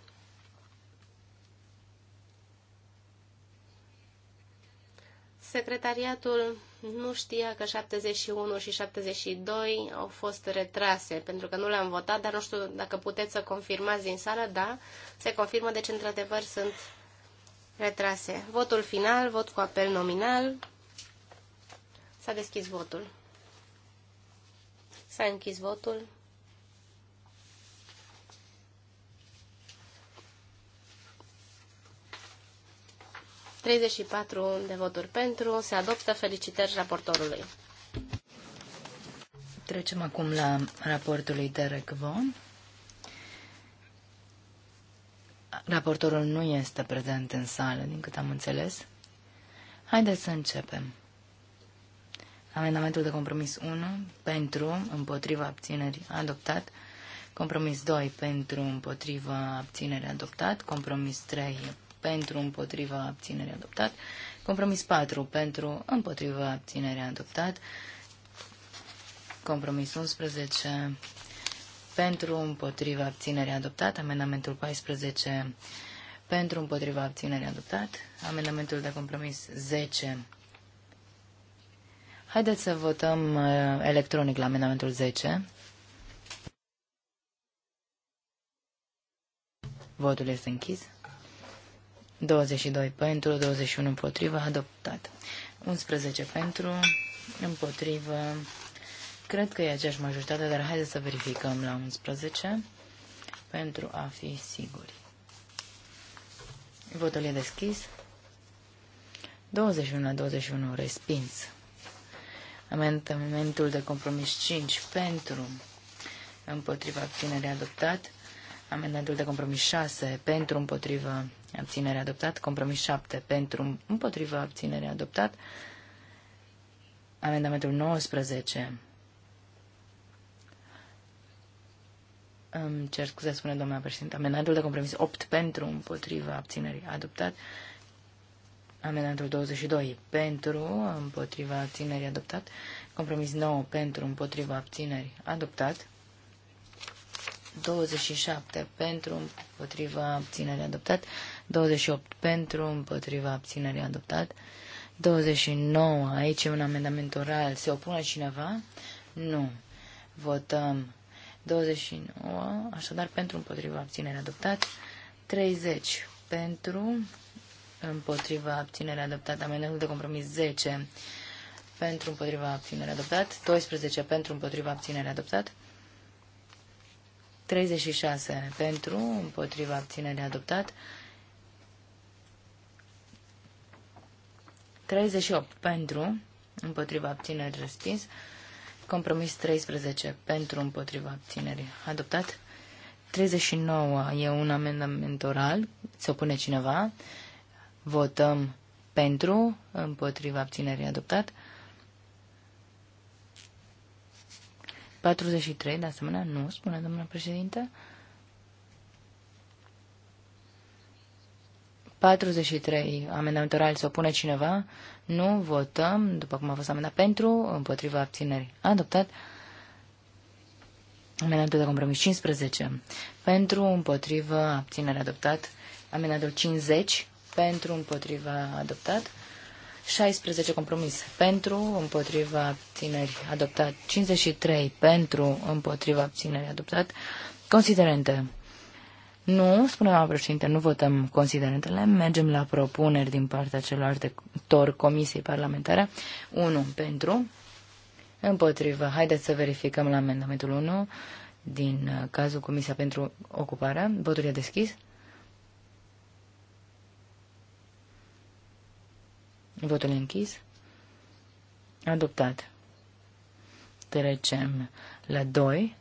Secretariatul nu știa că 71 și 72 au fost retrase, pentru că nu le-am votat, dar nu știu dacă puteți să confirmați din sală, da, se confirmă, deci într-adevăr sunt retrase. Votul final, vot cu apel nominal. S-a deschis votul. S-a închis votul. 34 de voturi pentru. Se adoptă. Felicitări raportorului. Trecem acum la raportul lui Derek Vaughan. Raportorul nu este prezent în sală, din cât am înțeles. Haideți să începem. Amendamentul de compromis 1 pentru, împotriva abținerii adoptat. Compromis 2 pentru, împotriva abținerii adoptat. Compromis 3 pentru împotriva abținere adoptat. Compromis 4 pentru împotriva abținere adoptat. Compromis 11 pentru împotriva abținere adoptat. Amendamentul 14 pentru împotriva abținere adoptat. Amendamentul de compromis 10 Haideți să votăm uh, electronic la amendamentul 10. Votul este închis. 22 pentru, 21 împotrivă, adoptat. 11 pentru, împotrivă, cred că e aceeași majoritate, dar haideți să verificăm la 11 pentru a fi siguri. Votul e deschis. 21 la 21 respins. Amendamentul de compromis 5 pentru împotriva abținere adoptat. Amendamentul de compromis 6 pentru împotriva abținere adoptat, compromis 7 pentru, împotriva, abținere adoptat, amendamentul 19. Îmi cer scuze, spune domnul președinte, amendamentul de compromis 8 pentru, împotriva, abținerii adoptat, amendamentul 22 pentru, împotriva, abținerii adoptat, compromis 9 pentru, împotriva, abținerii adoptat, 27 pentru, împotriva, abținerii adoptat, 28 pentru, împotriva abținerii adoptat. 29, aici e un amendament oral. Se opune cineva? Nu. Votăm 29, așadar pentru, împotriva abținerii adoptat. 30 pentru, împotriva abținerii adoptat. Amendamentul de compromis 10 pentru, împotriva abținerii adoptat. 12 pentru, împotriva abținerii adoptat. 36 pentru, împotriva abținerii adoptat, 38 pentru, împotriva abțineri respins. Compromis 13 pentru, împotriva abținerii adoptat. 39 e un amendament oral, se opune cineva. Votăm pentru, împotriva abținerii adoptat. 43, de asemenea, nu, spune domnul președinte. 43. Amendamentul să se opune cineva? Nu. Votăm. După cum a fost amendat pentru, împotriva abținerii. Adoptat. Amendamentul de compromis 15. Pentru, împotriva, abținere adoptat. Amendamentul 50. Pentru, împotriva, adoptat. 16 compromis pentru, împotriva abțineri adoptat, 53 pentru, împotriva abțineri adoptat, considerente nu, spune doamna președinte, nu votăm considerentele, mergem la propuneri din partea celorlalte comisii parlamentare. 1 pentru, împotrivă. Haideți să verificăm la amendamentul 1 din uh, cazul Comisia pentru Ocupare. Votul e deschis. Votul e închis. Adoptat. Trecem la 2.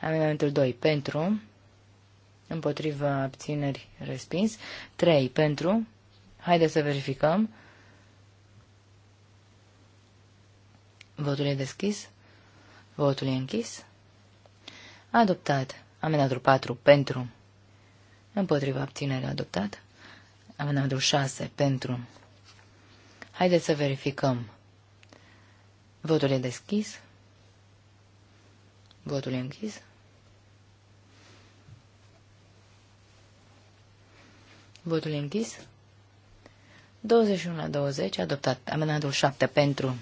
Amendamentul 2 pentru, împotrivă abțineri respins, 3 pentru, haideți să verificăm, votul e deschis, votul e închis, adoptat, amendatul 4 pentru, împotrivă abținere adoptat, amendatul 6 pentru, haideți să verificăm, votul e deschis, votul e închis, Votul închis. 21 la 20, adoptat. Amendamentul 7 pentru.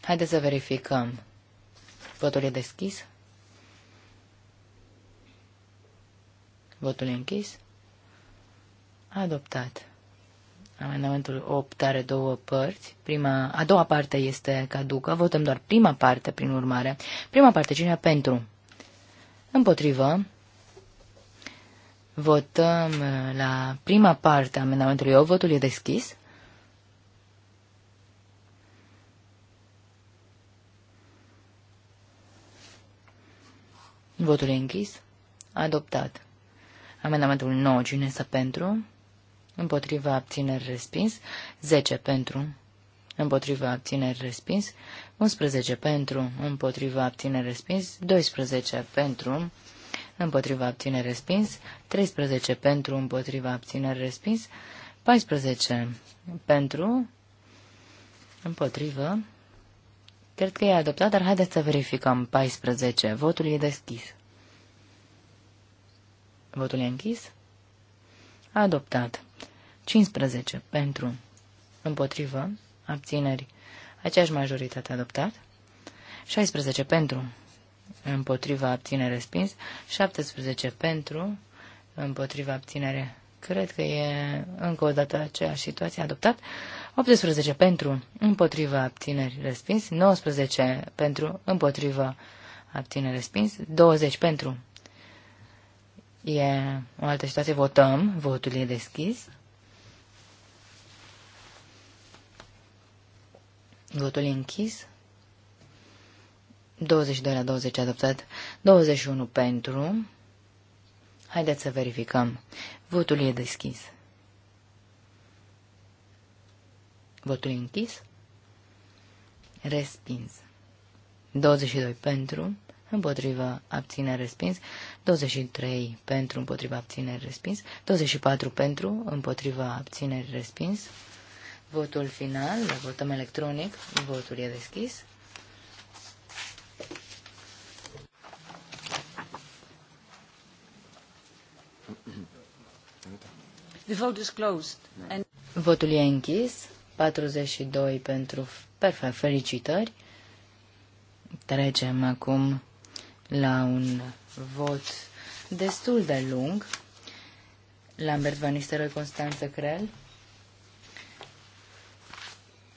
Haideți să verificăm. Votul e deschis. Votul e închis. Adoptat. Amendamentul 8 are două părți. Prima, a doua parte este caducă. Votăm doar prima parte, prin urmare. Prima parte, cine pentru? Împotrivă. Votăm uh, la prima parte a amendamentului O. Votul e deschis. Votul e închis. Adoptat. Amendamentul 9. Cine să pentru? Împotriva abțineri respins. 10 pentru. Împotriva abțineri respins. 11 pentru. Împotriva abțineri respins. 12 pentru împotriva abțineri respins, 13 pentru, împotriva abțineri respins, 14 pentru, împotrivă, cred că e adoptat, dar haideți să verificăm, 14, votul e deschis. Votul e închis? Adoptat. 15 pentru, împotrivă, abțineri, aceeași majoritate adoptat, 16 pentru, împotriva abține respins, 17 pentru, împotriva abținere. Cred că e încă o dată aceeași situație adoptat. 18 pentru, împotriva abțineri respins, 19 pentru, împotriva abțineri respins, 20 pentru. E o altă situație, votăm, votul e deschis. Votul e închis. 22 la 20 adoptat, 21 pentru. Haideți să verificăm. Votul e deschis. Votul e închis. Respins. 22 pentru, împotriva abținere respins, 23 pentru, împotriva abținere respins, 24 pentru, împotriva abținere respins. Votul final, votăm electronic, votul e deschis. The vote is closed. And... Votul e închis. 42 pentru perfect. Felicitări. Trecem acum la un vot destul de lung. Lambert Van Nistelrooy, Constanță Crel.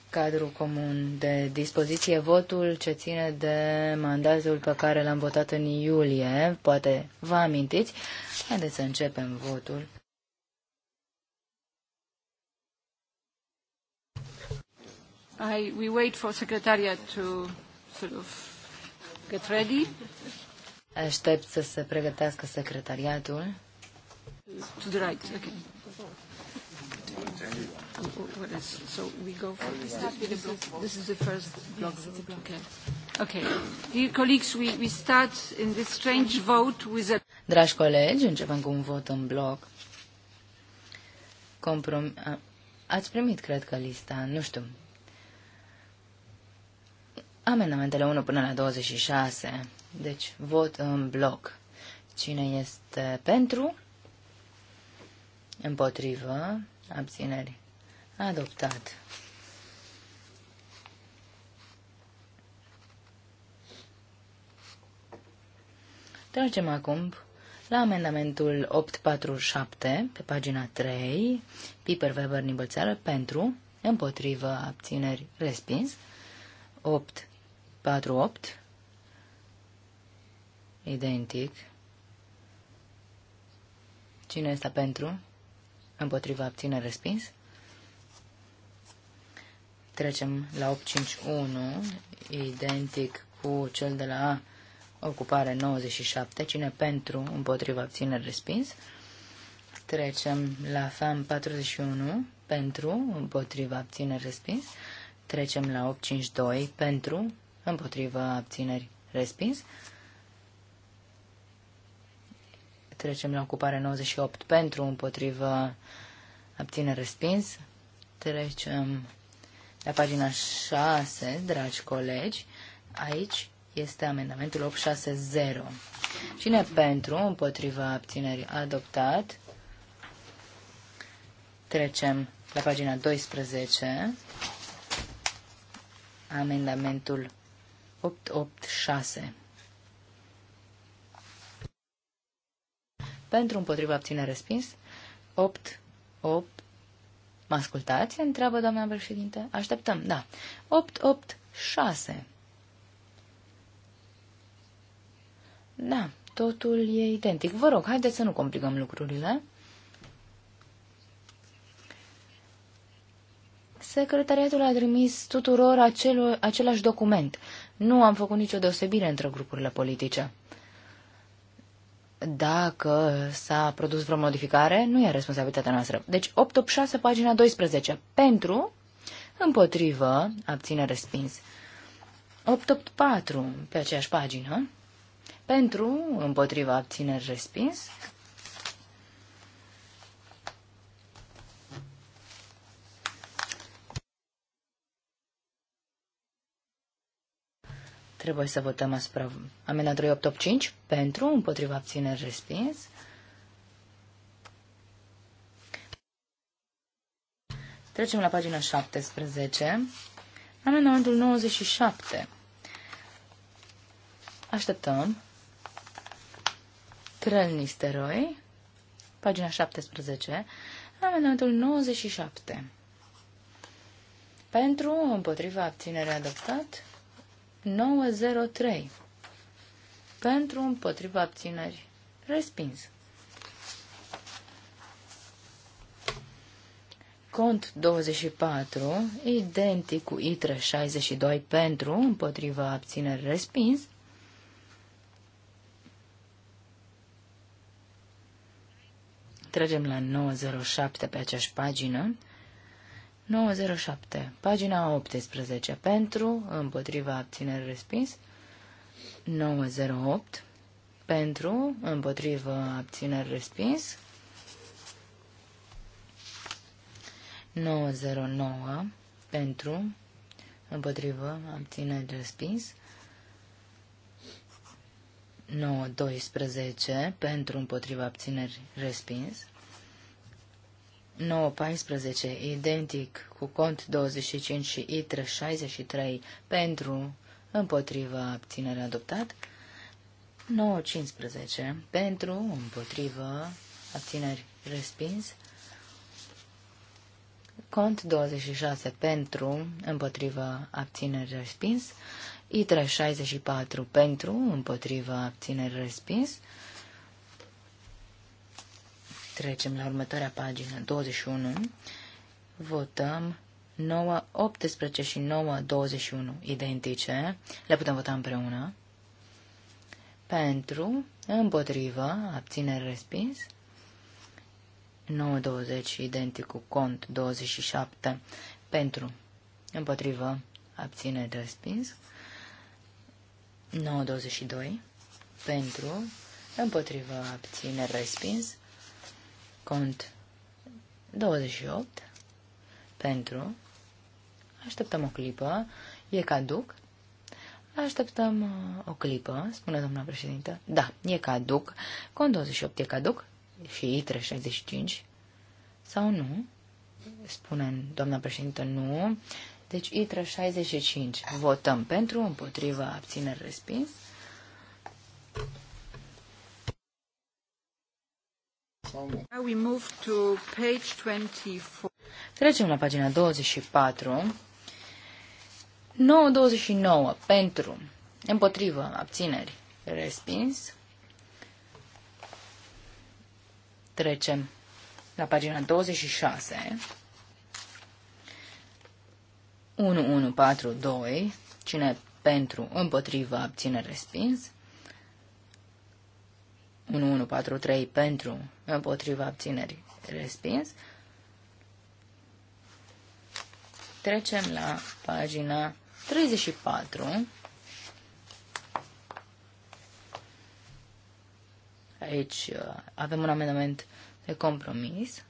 Cadrul comun de dispoziție, votul ce ține de mandatul pe care l-am votat în iulie, poate vă amintiți. Haideți să începem votul. I, we wait for Secretariat to sort of get ready. Aștept să se pregătească secretariatul. To the right, okay. What is, so we go for this. This is, this is the first block. Okay. Okay. Dear colleagues, we, we start in this strange vote with a... Dragi colegi, începem cu un vot în bloc. Comprom... Ați primit, cred că, lista. Nu știu. Amendamentele 1 până la 26. Deci, vot în bloc. Cine este pentru? Împotrivă. Abțineri. Adoptat. Trecem acum la amendamentul 847, pe pagina 3, Piper Weber Nibălțeară, pentru, împotrivă, abțineri, respins, 8 48, identic. Cine este pentru? Împotriva abține respins. Trecem la 851, identic cu cel de la ocupare 97. Cine pentru? Împotriva abține respins. Trecem la FAM 41, pentru, împotriva abține respins. Trecem la 852, pentru, împotrivă, abțineri, respins. Trecem la ocupare 98 pentru, împotrivă, abțineri, respins. Trecem la pagina 6, dragi colegi. Aici este amendamentul 860. Cine pentru, împotriva abțineri adoptat. Trecem la pagina 12. Amendamentul 886. Pentru împotriva obține respins. 8, 8. Mă ascultați? Întreabă doamna președinte. Așteptăm, da. 8, 8, 6. Da, totul e identic. Vă rog, haideți să nu complicăm lucrurile. Secretariatul a trimis tuturor acel, același document. Nu am făcut nicio deosebire între grupurile politice. Dacă s-a produs vreo modificare, nu e responsabilitatea noastră. Deci 886, pagina 12. Pentru, împotrivă, abține respins. 884, pe aceeași pagină. Pentru, împotriva, abține respins. Trebuie să votăm asupra amena 3885 pentru, împotriva abțineri respins. Trecem la pagina 17. amenamentul 97. Așteptăm. Crăl pagina 17, amenamentul 97. Pentru, împotriva, abținere adoptat. 903. Pentru împotriva abțineri. Respins. Cont 24, identic cu ITRE 62 pentru, împotriva abțineri respins. Tragem la 907 pe aceeași pagină. 907, pagina 18, pentru, împotriva abținere respins, 908, pentru, împotriva abținere respins, 909, pentru, împotriva, abținere respins, 912, pentru, împotriva abțineri respins, 9.14, identic cu cont 25 și ITRE 63 pentru împotriva abținere adoptat, 9.15 pentru împotriva abțineri respins, cont 26 pentru împotriva abțineri respins, ITRE 64 pentru împotriva abțineri respins, Trecem la următoarea pagină, 21. Votăm 9, 18 și 9, 21 identice. Le putem vota împreună. Pentru, împotrivă, abținere respins. 9, 20 identic cu cont 27. Pentru, împotrivă, abținere respins. 9, 22. Pentru, împotrivă, abținere respins. Cont 28 pentru. Așteptăm o clipă. E caduc? Așteptăm uh, o clipă, spune doamna președintă. Da, e caduc. Cont 28 e caduc și ITRE 65 sau nu? Spune doamna președintă nu. Deci ITRE 65. Votăm pentru, împotriva, abțineri, respins. Trecem la pagina 24. 9.29 pentru, împotrivă, abțineri, respins. Trecem la pagina 26. 1142, cine pentru, împotrivă, abțineri respins. 1143 pentru, împotriva abținerii, respins. Trecem la pagina 34. Aici uh, avem un amendament de compromis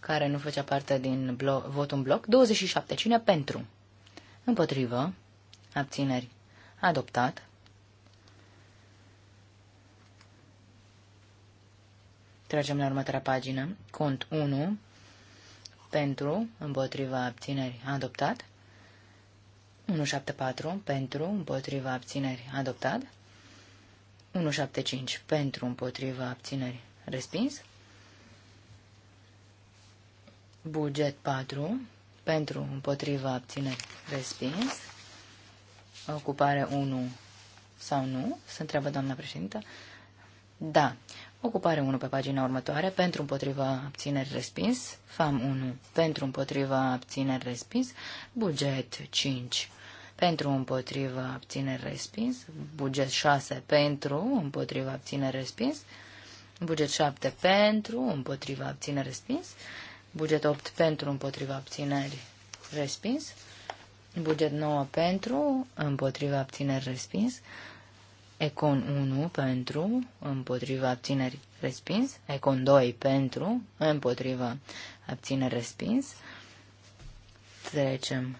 care nu făcea parte din blo- vot în bloc. 27. Cine pentru? Împotrivă. Abțineri. Adoptat. Trecem la următoarea pagină. Cont 1 pentru, împotriva abțineri, adoptat. 174 pentru, împotriva abțineri, adoptat. 175 pentru, împotriva abțineri, respins. Buget 4 pentru, împotriva abțineri, respins. Ocupare 1 sau nu? Se întreabă doamna președintă. Da. Ocupare 1 pe pagina următoare, pentru împotriva abțineri respins, FAM 1 pentru împotriva abțineri respins, buget 5 pentru împotriva abțineri respins, buget 6 pentru împotriva abțineri respins, buget 7 pentru împotriva abțineri respins, buget 8 pentru împotriva abțineri respins, buget 9 pentru împotriva abțineri respins, Econ 1 pentru, împotriva abțineri respins. Econ 2 pentru, împotriva abțineri respins. Trecem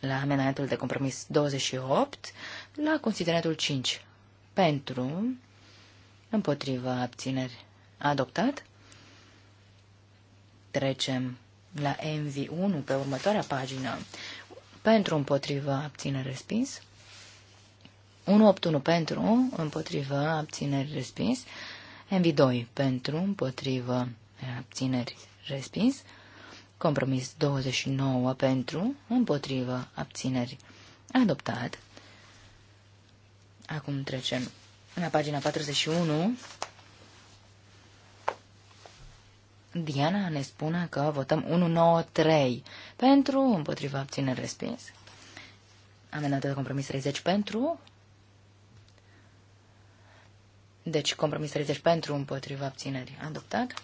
la amenajatul de compromis 28, la consideratul 5 pentru, împotriva abțineri adoptat. Trecem la MV1 pe următoarea pagină pentru împotriva abțineri respins. 181 pentru, împotrivă, abțineri, respins. MV2 pentru, împotrivă, abțineri, respins. Compromis 29 pentru, împotrivă, abțineri, adoptat. Acum trecem la pagina 41. Diana ne spune că votăm 193 pentru, împotriva abțineri respins. Amendată de compromis 30 pentru, deci compromis 30 pentru împotriva abținerii. Adoptat.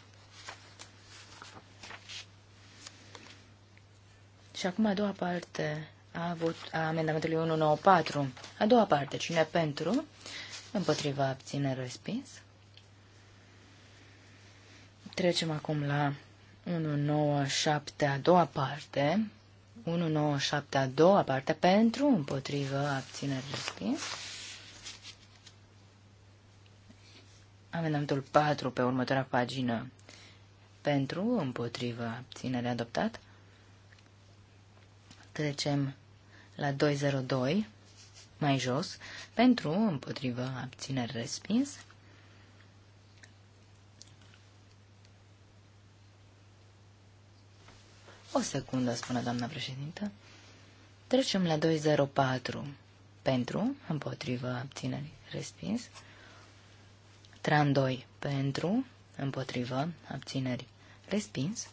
Și acum a doua parte a, avut, a amendamentului 194. A doua parte, cine pentru, împotriva abținerii respins. Trecem acum la 197 a doua parte. 197 a doua parte pentru, împotriva abținerii respins. Amendamentul 4 pe următoarea pagină. Pentru, împotrivă, abținere adoptat. Trecem la 202, mai jos. Pentru, împotrivă, abținere respins. O secundă, spune doamna președintă. Trecem la 204. Pentru, împotrivă, abținere respins. Tran 2 pentru, împotrivă, abțineri, respins.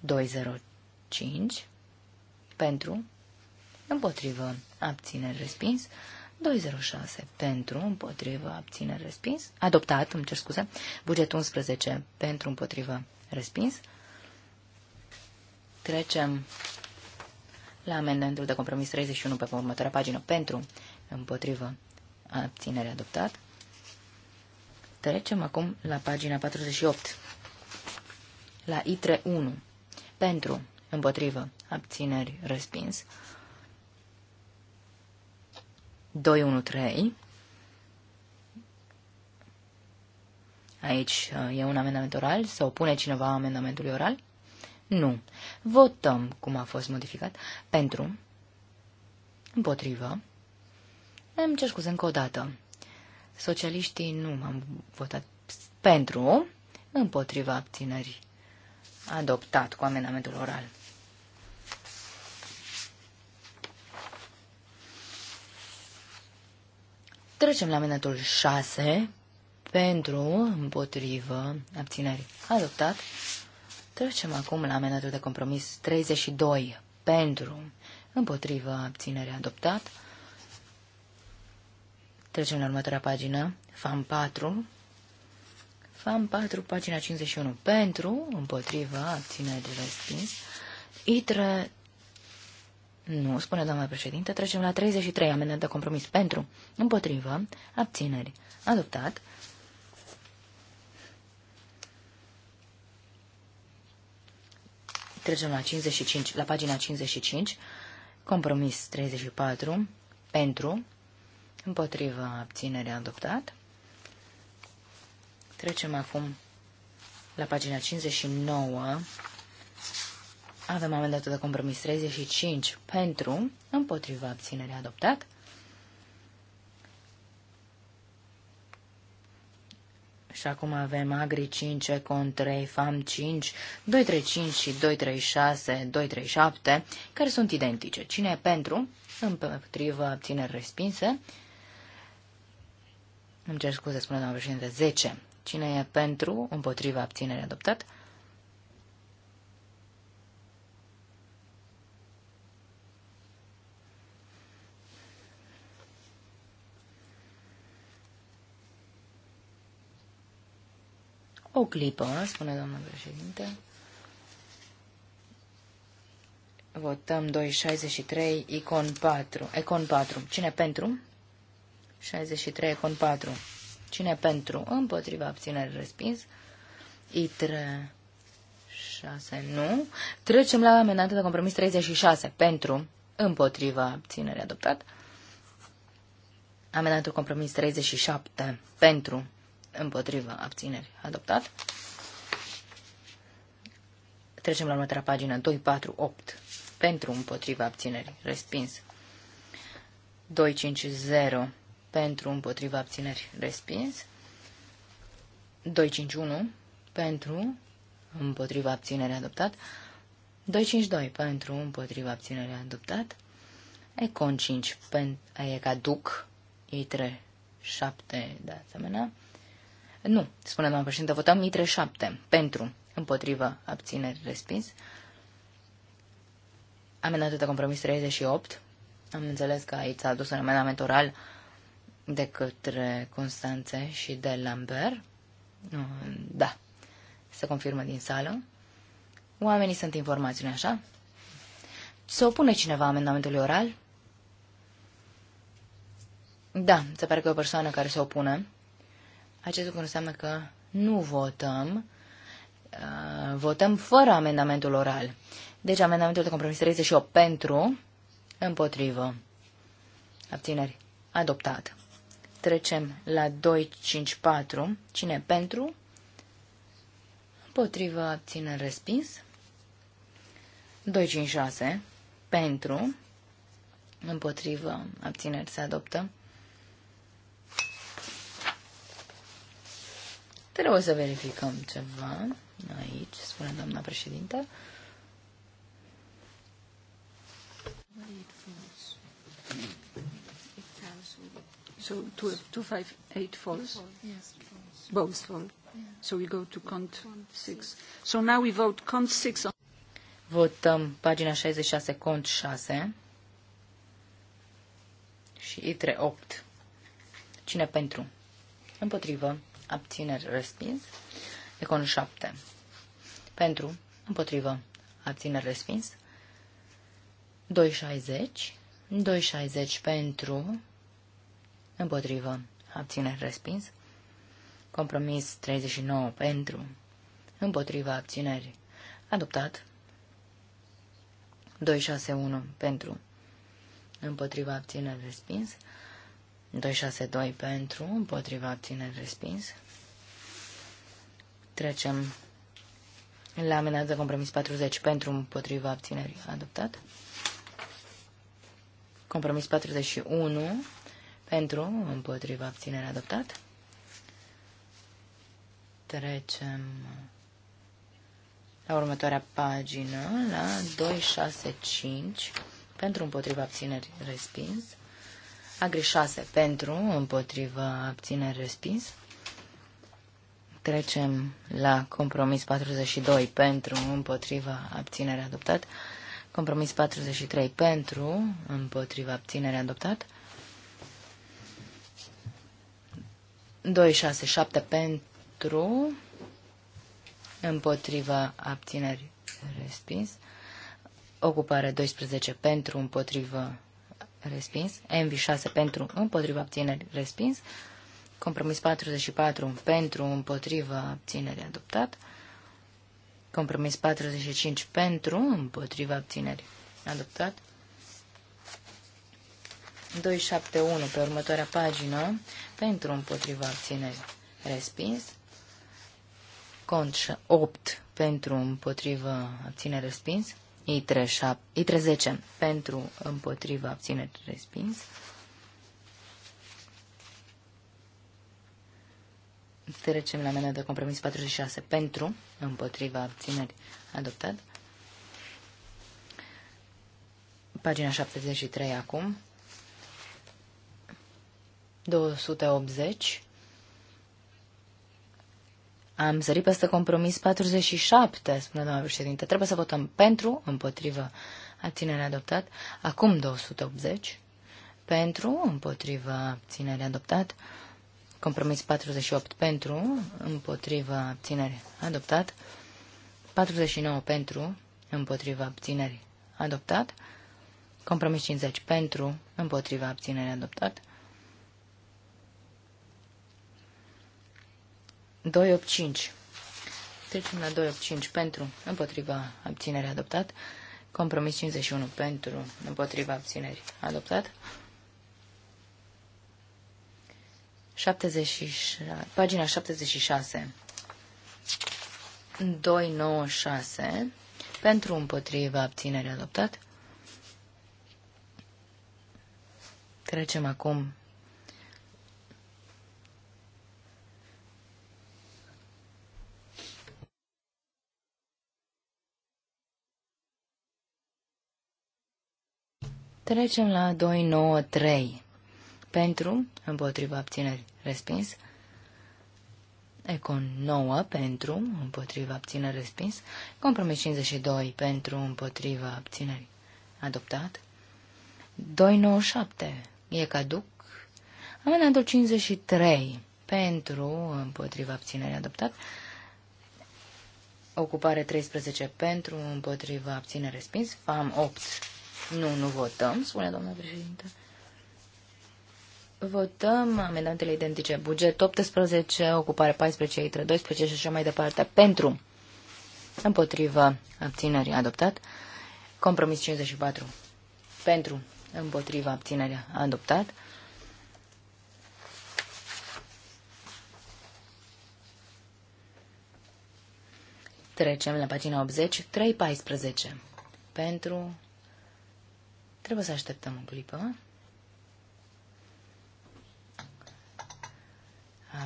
205 pentru, împotrivă, abțineri, respins. 206 pentru, împotrivă, abțineri, respins. Adoptat, îmi cer scuze. Buget 11 pentru, împotrivă, respins. Trecem la amendamentul de compromis 31 pe următoarea pagină pentru, împotrivă, abținere adoptat. Trecem acum la pagina 48. La ITRE 1. Pentru, împotrivă, abțineri, respins. 213. Aici uh, e un amendament oral. Să opune cineva amendamentului oral? Nu. Votăm cum a fost modificat. Pentru. Împotrivă. Îmi cer scuze încă o dată. Socialiștii nu am votat pentru, împotriva abținerii. Adoptat cu amendamentul oral. Trecem la amendamentul 6 pentru, împotrivă, abținerii. Adoptat. Trecem acum la amendamentul de compromis 32 pentru, împotrivă, abținerii adoptat. Trecem la următoarea pagină. FAM 4. FAM 4, pagina 51. Pentru, împotriva, abține de respins. ITRE nu, spune doamna președinte, trecem la 33 amendament de compromis pentru, împotrivă, abțineri, adoptat. Trecem la 55, la pagina 55, compromis 34, pentru, Împotriva abținerea adoptat. Trecem acum la pagina 59. Avem amendată de compromis 35 pentru, împotriva abținerea adoptat. Și acum avem Agri 5, Econ 3, FAM 5, 235 și 236, 237, care sunt identice. Cine e pentru, Împotrivă, abțineri respinse, îmi cer scuze, spune doamna președinte. 10. Cine e pentru, împotriva, abținere, adoptat? O clipă, spune doamna președinte. Votăm 263, icon 4. Econ 4. Cine pentru? 63 con 4. Cine pentru? Împotriva abținere respins. ITRE 6 nu. Trecem la amendamentul de compromis 36 pentru împotriva abținere adoptat. Amendamentul compromis 37 pentru împotriva abțineri adoptat. Trecem la următoarea pagină 248 pentru împotriva abțineri respins. 250 pentru împotriva abțineri respins, 251 pentru împotriva abținerii adoptat, 252 pentru împotriva abținerii adoptat, Econ 5 pentru e caduc, ITRE 7 de asemenea, nu, spune doamna președinte, votăm ITRE 7 pentru împotriva abțineri respins, amendatul de compromis 38, am înțeles că aici s-a adus un amendament oral de către Constanțe și de Lambert. Da, se confirmă din sală. Oamenii sunt informați, nu așa? Se opune cineva amendamentului oral? Da, se pare că e o persoană care se opune. Acest lucru înseamnă că nu votăm, uh, votăm fără amendamentul oral. Deci amendamentul de compromis 38 pentru, împotrivă, abțineri, adoptat. Trecem la 254. Cine pentru? Împotrivă abține respins. 256. Pentru. Împotrivă abțineri se adoptă. Trebuie să verificăm ceva aici, spune doamna președintă. So two, two five eight falls. Yes, falls. Both fall. Yeah. So we go to count six. So now we vote count six. On Votăm pagina 66, cont 6 și ITRE 8. Cine pentru? Împotrivă. Abțineri respins. Econ 7. Pentru. Împotrivă. Abțineri respins. 260. 260 pentru împotrivă, abțineri respins. Compromis 39 pentru, Împotrivă abțineri, adoptat. 261 pentru, Împotrivă abțineri respins. 262 pentru, Împotrivă abțineri respins. Trecem la amenaza de compromis 40 pentru împotriva abținerii adoptat. Compromis 41 pentru, împotriva abținerea adoptat. Trecem la următoarea pagină, la 265, pentru împotriva abțineri respins. Agri 6, pentru împotriva abțineri respins. Trecem la compromis 42, pentru împotriva abținerea adoptat. Compromis 43, pentru împotriva abținerea adoptat. 267 pentru, împotriva abțineri respins, ocupare 12 pentru, împotriva respins, MV6 pentru, împotriva abțineri respins, compromis 44 pentru, împotriva abțineri adoptat, compromis 45 pentru, împotriva abțineri adoptat, 271 pe următoarea pagină pentru împotriva abțineri respins. Cont 8 pentru împotriva abțineri respins. I3, i pentru împotriva abțineri respins. Trecem la amenda de compromis 46 pentru împotriva abțineri adoptat. Pagina 73 acum. 280. Am sărit peste compromis 47, spune doamna președinte. Trebuie să votăm pentru, împotrivă, abținere adoptat. Acum 280. Pentru, împotrivă, abținere adoptat. Compromis 48 pentru, împotrivă, abținere adoptat. 49 pentru, împotrivă, abținere adoptat. Compromis 50 pentru, împotrivă, abținere adoptat. 285. Trecem la 285 pentru, împotriva abținerii adoptat. Compromis 51 pentru, împotriva abțineri adoptat. 76, pagina 76. 296 pentru împotriva abținerii adoptat. Trecem acum Trecem la 293. Pentru, împotriva abțineri, respins. Econ 9 pentru, împotriva abțineri, respins. Compromis 52 pentru, împotriva abțineri, adoptat. 297 e caduc. Amendamentul 53 pentru, împotriva abținerii adoptat. Ocupare 13 pentru, împotriva abținere respins. FAM 8 nu, nu votăm, spune doamna președinte. Votăm amendamentele identice. Buget 18, ocupare 14, ITRE 12 și așa mai departe. Pentru, împotrivă, abținerii adoptat. Compromis 54. Pentru, Împotrivă. abținerea adoptat. Trecem la pagina 80, 3.14. Pentru, Trebuie să așteptăm o clipă.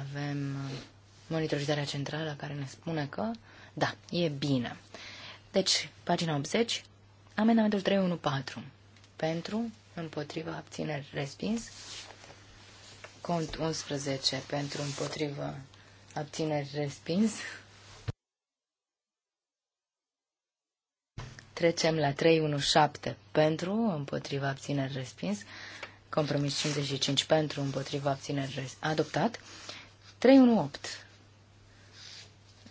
Avem monitorizarea centrală care ne spune că, da, e bine. Deci, pagina 80, amendamentul 314. Pentru, împotriva, abțineri, respins. Cont 11 pentru, împotriva, abțineri, respins. Trecem la 317 pentru, împotriva abțineri respins. Compromis 55 pentru, împotriva abțineri res- adoptat. 318.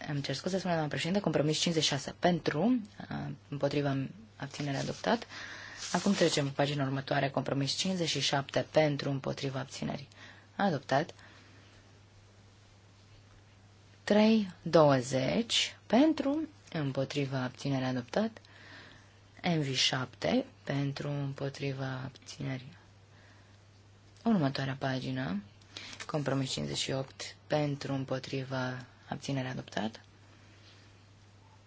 Îmi cer scuze, spune doamna președinte, compromis 56 pentru, împotriva abținere adoptat. Acum trecem pe pagina următoare, compromis 57 pentru, împotriva abținerii adoptat. 320 pentru, împotriva abținerii adoptat. MV7 pentru împotriva abținerii. Următoarea pagină, compromis 58 pentru împotriva abținerea adoptată.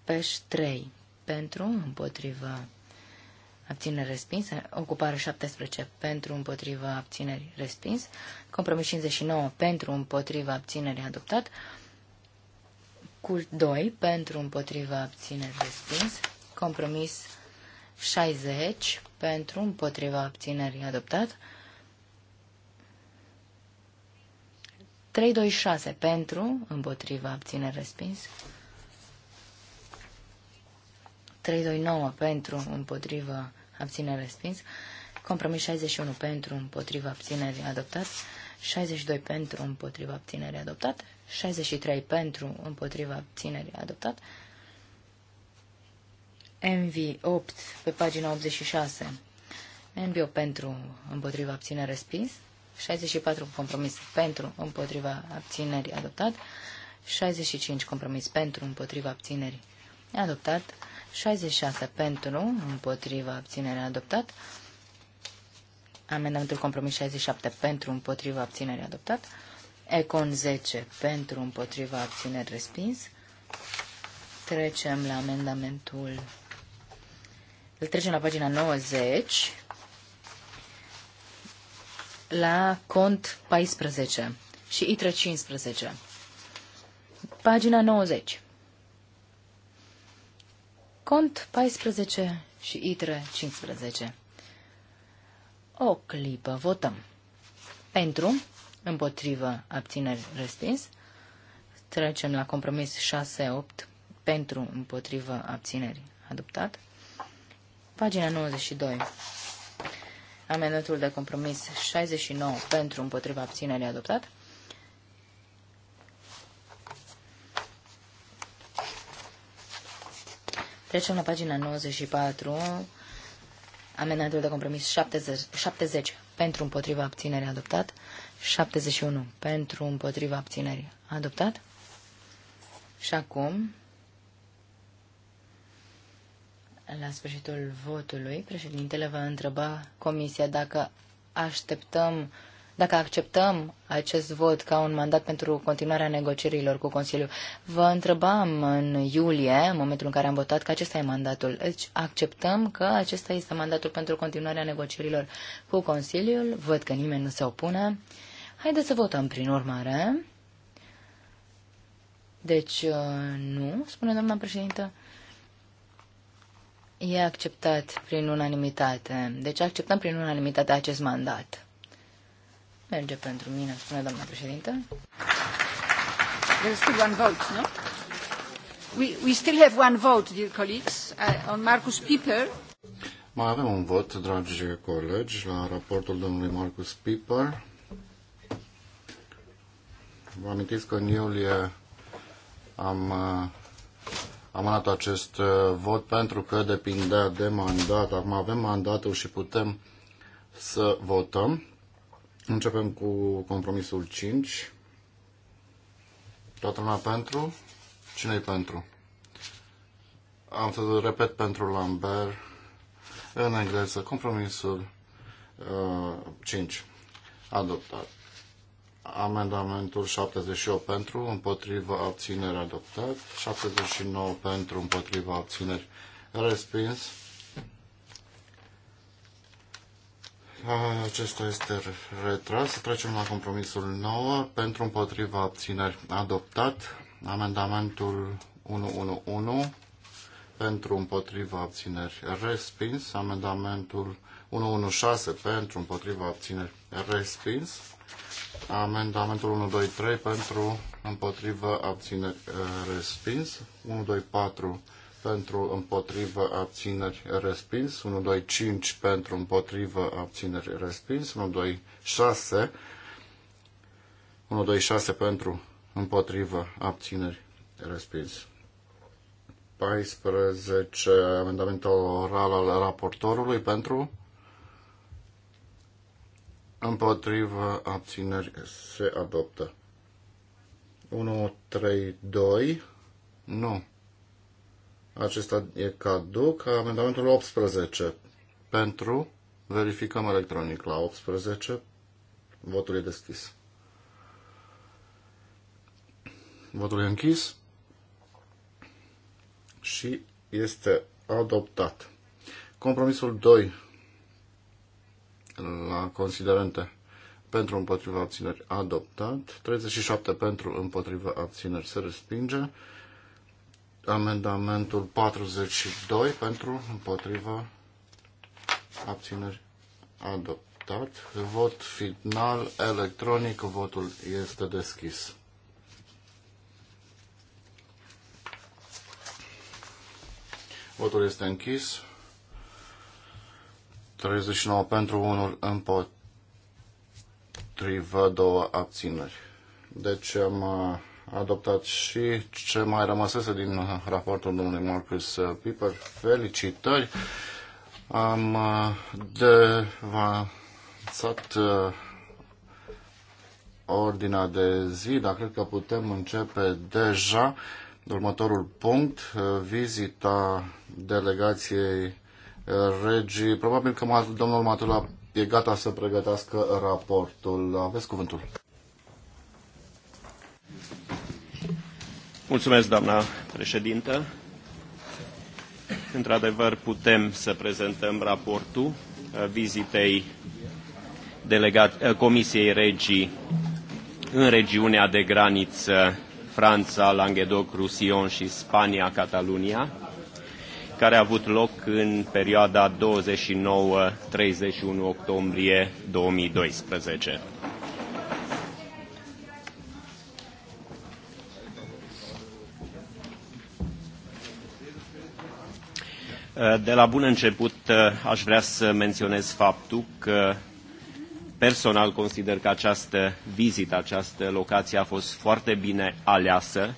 PEș 3 pentru împotriva abținere respins, ocupare 17 pentru împotriva abțineri respins, compromis 59 pentru împotriva abținerii adoptat, cult 2 pentru împotriva abțineri respins, compromis 60 pentru împotriva abținerii adoptat. 326 pentru împotriva abținere respins. 329 pentru împotriva abținere respins. Compromis 61 pentru împotriva abținerii adoptat. 62 pentru împotriva abținerii adoptat. 63 pentru împotriva abținerii adoptat. MV8 pe pagina 86. MV8 pentru împotriva abținerii respins. 64 compromis pentru împotriva abținerii adoptat. 65 compromis pentru împotriva abținerii adoptat. 66 pentru împotriva abținerii adoptat. Amendamentul compromis 67 pentru împotriva abținerii adoptat. Econ 10 pentru împotriva abținerii respins. Trecem la amendamentul Trecem la pagina 90, la cont 14 și ITRE 15. Pagina 90. Cont 14 și ITRE 15. O clipă, votăm. Pentru, împotrivă, abțineri, respins. Trecem la compromis 6-8, pentru, împotrivă, abțineri, adoptat. Pagina 92. Amendatul de compromis 69 pentru împotriva abținerii adoptat. Trecem la pagina 94. Amendatul de compromis 70, 70 pentru împotriva abținerii adoptat. 71 pentru împotriva abținerii adoptat. Și acum la sfârșitul votului, președintele va întreba comisia dacă așteptăm, dacă acceptăm acest vot ca un mandat pentru continuarea negocierilor cu Consiliul. Vă întrebam în iulie, în momentul în care am votat, că acesta e mandatul. Deci acceptăm că acesta este mandatul pentru continuarea negocierilor cu Consiliul. Văd că nimeni nu se opune. Haideți să votăm prin urmare. Deci, nu, spune doamna președintă e acceptat prin unanimitate. Deci acceptăm prin unanimitate acest mandat. Merge pentru mine, spune doamna președinte. There's still one vote, no? We, we still have one vote, dear colleagues, uh, on Marcus Piper. Mai avem un vot, dragi colegi, la raportul domnului Marcus Piper. Vă amintiți că în iulie am uh, amânat acest uh, vot pentru că depindea de mandat. Acum avem mandatul și putem să votăm. Începem cu compromisul 5. Toată lumea pentru? cine e pentru? Am să repet pentru Lambert în engleză. Compromisul uh, 5. Adoptat. Amendamentul 78 pentru, împotriva abțineri adoptat. 79 pentru, împotriva abțineri respins. Acesta este retras. Trecem la compromisul 9 pentru împotriva abțineri adoptat. Amendamentul 111 pentru împotriva abțineri respins. Amendamentul 116 pentru împotriva abțineri respins. Amendamentul 1, 2, 3 pentru, împotrivă, abțineri, respins. 1, 2, 4 pentru, împotrivă, abțineri, respins. 1, 2, 5 pentru, împotrivă, abțineri, respins. 1, 2, 6 1, 2, 6 pentru, împotrivă, abțineri, respins. 14, amendamentul oral al raportorului pentru, împotriva abținerii se adoptă. 1, 3, 2, nu. Acesta e caduc. Amendamentul 18. Pentru, verificăm electronic la 18, votul e deschis. Votul e închis și este adoptat. Compromisul 2 la considerente pentru împotriva abțineri adoptat, 37 pentru împotriva abțineri se respinge, amendamentul 42 pentru împotriva abțineri adoptat, vot final electronic, votul este deschis. Votul este închis. 39 pentru, 1 împotrivă, două abțineri. Deci am uh, adoptat și ce mai rămăsese din raportul domnului Marcus Piper. Felicitări! Am uh, devansat uh, ordinea de zi, dar cred că putem începe deja următorul punct, vizita delegației Regi, Probabil că domnul Matula e gata să pregătească raportul. Aveți cuvântul. Mulțumesc, doamna președintă. Într-adevăr, putem să prezentăm raportul uh, vizitei delegat, uh, Comisiei Regii în regiunea de graniță Franța, Languedoc, Roussillon și Spania, Catalunia, care a avut loc în perioada 29-31 octombrie 2012. De la bun început aș vrea să menționez faptul că personal consider că această vizită, această locație a fost foarte bine aleasă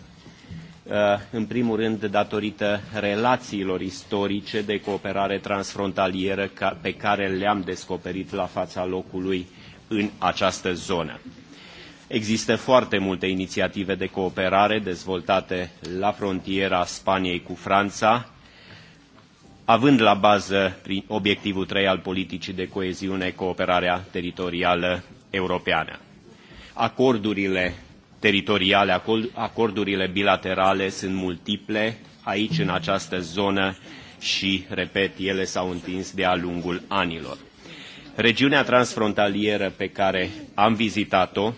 Uh, în primul rând datorită relațiilor istorice de cooperare transfrontalieră pe care le-am descoperit la fața locului în această zonă. Există foarte multe inițiative de cooperare dezvoltate la frontiera Spaniei cu Franța, având la bază obiectivul 3 al politicii de coeziune cooperarea teritorială europeană. Acordurile teritoriale, acordurile bilaterale sunt multiple aici, în această zonă și, repet, ele s-au întins de-a lungul anilor. Regiunea transfrontalieră pe care am vizitat-o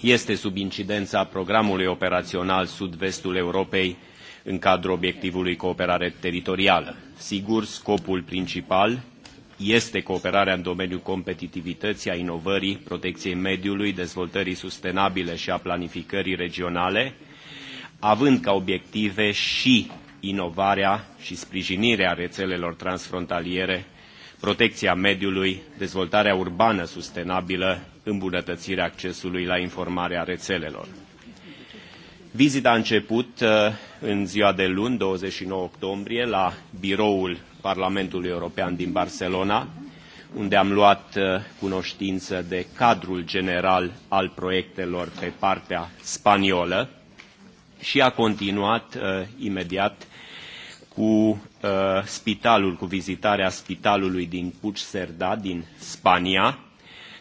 este sub incidența programului operațional Sud-Vestul Europei în cadrul obiectivului cooperare teritorială. Sigur, scopul principal este cooperarea în domeniul competitivității, a inovării, protecției mediului, dezvoltării sustenabile și a planificării regionale, având ca obiective și inovarea și sprijinirea rețelelor transfrontaliere, protecția mediului, dezvoltarea urbană sustenabilă, îmbunătățirea accesului la informarea rețelelor. Vizita a început uh, în ziua de luni, 29 octombrie, la biroul Parlamentului European din Barcelona, unde am luat uh, cunoștință de cadrul general al proiectelor pe partea spaniolă și a continuat uh, imediat cu spitalul, cu vizitarea spitalului din Puig Serda, din Spania,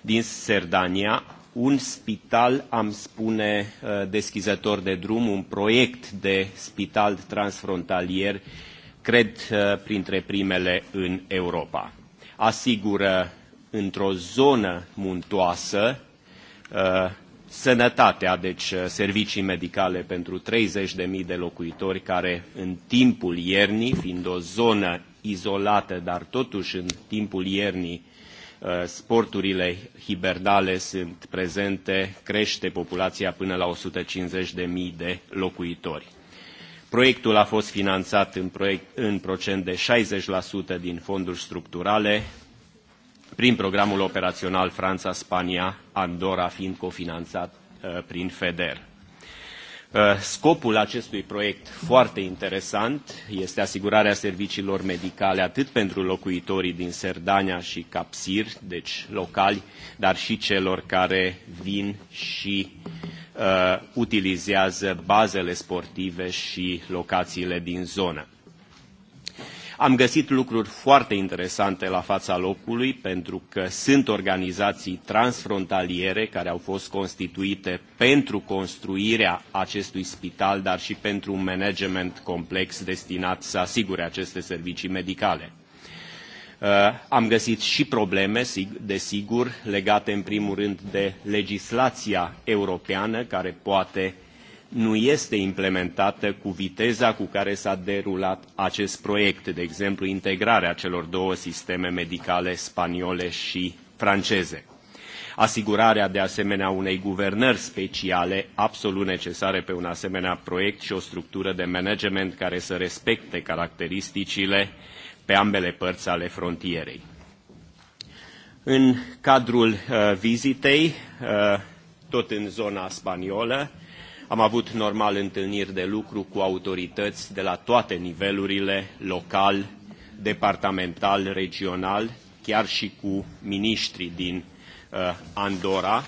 din Serdania, un spital, am spune uh, deschizător de drum, un proiect de spital transfrontalier, cred uh, printre primele în Europa. Asigură într-o zonă muntoasă uh, sănătatea, deci servicii medicale pentru 30.000 de locuitori care în timpul iernii, fiind o zonă izolată, dar totuși în timpul iernii Uh, sporturile hibernale sunt prezente, crește populația până la 150.000 de locuitori. Proiectul a fost finanțat în, proiect, în procent de 60% din fonduri structurale, prin programul operațional Franța-Spania, Andorra fiind cofinanțat uh, prin FEDER. Uh, scopul acestui proiect foarte interesant este asigurarea serviciilor medicale atât pentru locuitorii din Serdania și Capsir, deci locali, dar și celor care vin și uh, utilizează bazele sportive și locațiile din zonă. Am găsit lucruri foarte interesante la fața locului, pentru că sunt organizații transfrontaliere care au fost constituite pentru construirea acestui spital, dar și pentru un management complex destinat să asigure aceste servicii medicale. Uh, am găsit și probleme, desigur, legate în primul rând de legislația europeană, care poate nu este implementată cu viteza cu care s-a derulat acest proiect, de exemplu integrarea celor două sisteme medicale spaniole și franceze. Asigurarea de asemenea unei guvernări speciale absolut necesare pe un asemenea proiect și o structură de management care să respecte caracteristicile pe ambele părți ale frontierei. În cadrul uh, vizitei, uh, tot în zona spaniolă, uh, am avut normal întâlniri de lucru cu autorități de la toate nivelurile, local, departamental, regional, chiar și cu miniștri din uh, Andorra,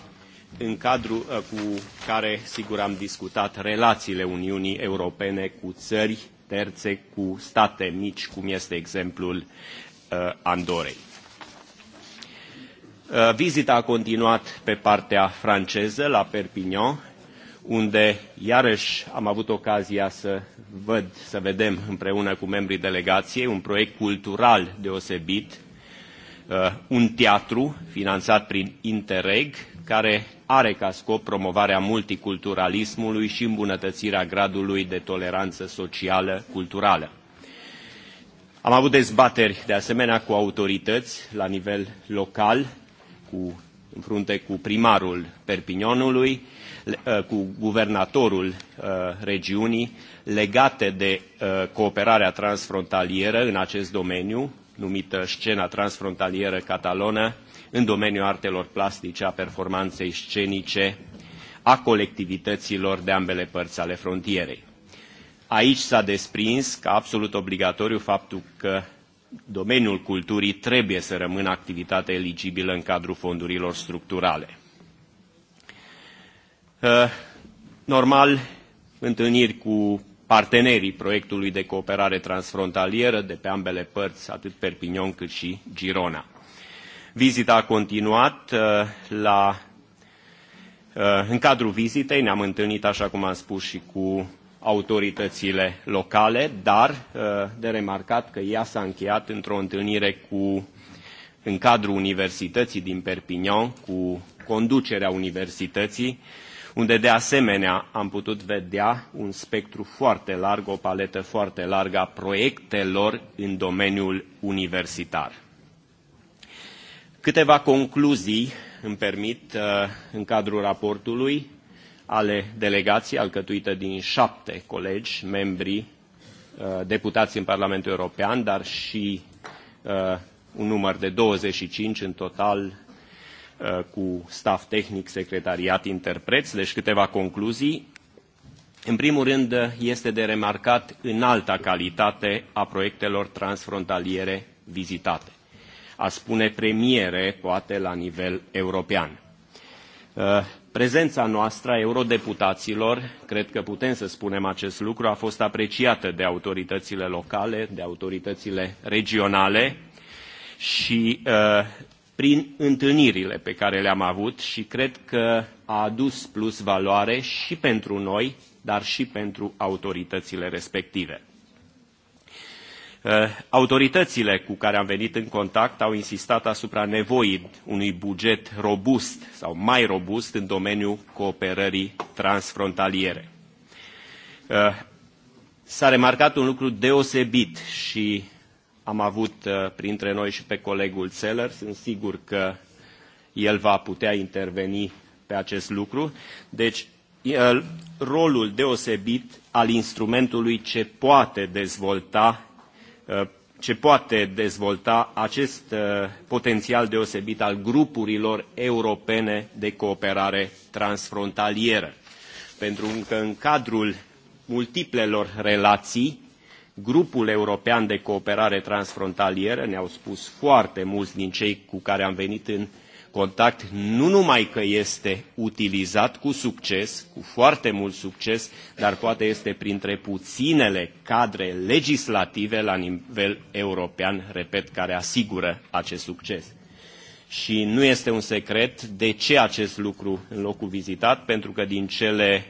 în cadrul uh, cu care, sigur, am discutat relațiile Uniunii Europene cu țări terțe, cu state mici, cum este exemplul uh, Andorei. Uh, vizita a continuat pe partea franceză, la Perpignan, unde iarăși am avut ocazia să văd, să vedem împreună cu membrii delegației un proiect cultural deosebit, uh, un teatru finanțat prin Interreg, care are ca scop promovarea multiculturalismului și îmbunătățirea gradului de toleranță socială culturală. Am avut dezbateri de asemenea cu autorități la nivel local, cu, în frunte cu primarul Perpignonului, Uh, cu guvernatorul uh, regiunii legate de uh, cooperarea transfrontalieră în acest domeniu, numită scena transfrontalieră catalonă, în domeniul artelor plastice, a performanței scenice, a colectivităților de ambele părți ale frontierei. Aici s-a desprins ca absolut obligatoriu faptul că domeniul culturii trebuie să rămână activitate eligibilă în cadrul fondurilor structurale. Uh, normal, întâlniri cu partenerii proiectului de cooperare transfrontalieră de pe ambele părți, atât Perpignan cât și Girona. Vizita a continuat uh, la uh, în cadrul vizitei ne-am întâlnit, așa cum am spus, și cu autoritățile locale, dar de remarcat că ea s-a încheiat într-o întâlnire cu, în cadrul Universității din Perpignan, cu conducerea Universității, unde de asemenea am putut vedea un spectru foarte larg, o paletă foarte largă a proiectelor în domeniul universitar. Câteva concluzii îmi permit uh, în cadrul raportului ale delegației alcătuită din șapte colegi, membri, uh, deputați în Parlamentul European, dar și uh, un număr de 25 în total Uh, cu staff tehnic, secretariat, interpreți, deci câteva concluzii. În primul rând, uh, este de remarcat alta calitate a proiectelor transfrontaliere vizitate. A spune premiere, poate, la nivel european. Uh, prezența noastră a eurodeputaților, cred că putem să spunem acest lucru, a fost apreciată de autoritățile locale, de autoritățile regionale și prin întâlnirile pe care le-am avut și cred că a adus plus valoare și pentru noi, dar și pentru autoritățile respective. Eh, autoritățile cu care am venit în contact au insistat asupra nevoii unui buget robust sau mai robust în domeniul cooperării transfrontaliere. Eh, s-a remarcat un lucru deosebit și am avut uh, printre noi și pe colegul Seller. Sunt sigur că el va putea interveni pe acest lucru. Deci, el, rolul deosebit al instrumentului ce poate dezvolta uh, ce poate dezvolta acest uh, potențial deosebit al grupurilor europene de cooperare transfrontalieră. Pentru că în cadrul multiplelor relații Grupul European de Cooperare Transfrontalieră, ne-au spus foarte mulți din cei cu care am venit în contact, nu numai că este utilizat cu succes, cu foarte mult succes, dar poate este printre puținele cadre legislative la nivel european, repet, care asigură acest succes. Și nu este un secret de ce acest lucru în locul vizitat, pentru că din cele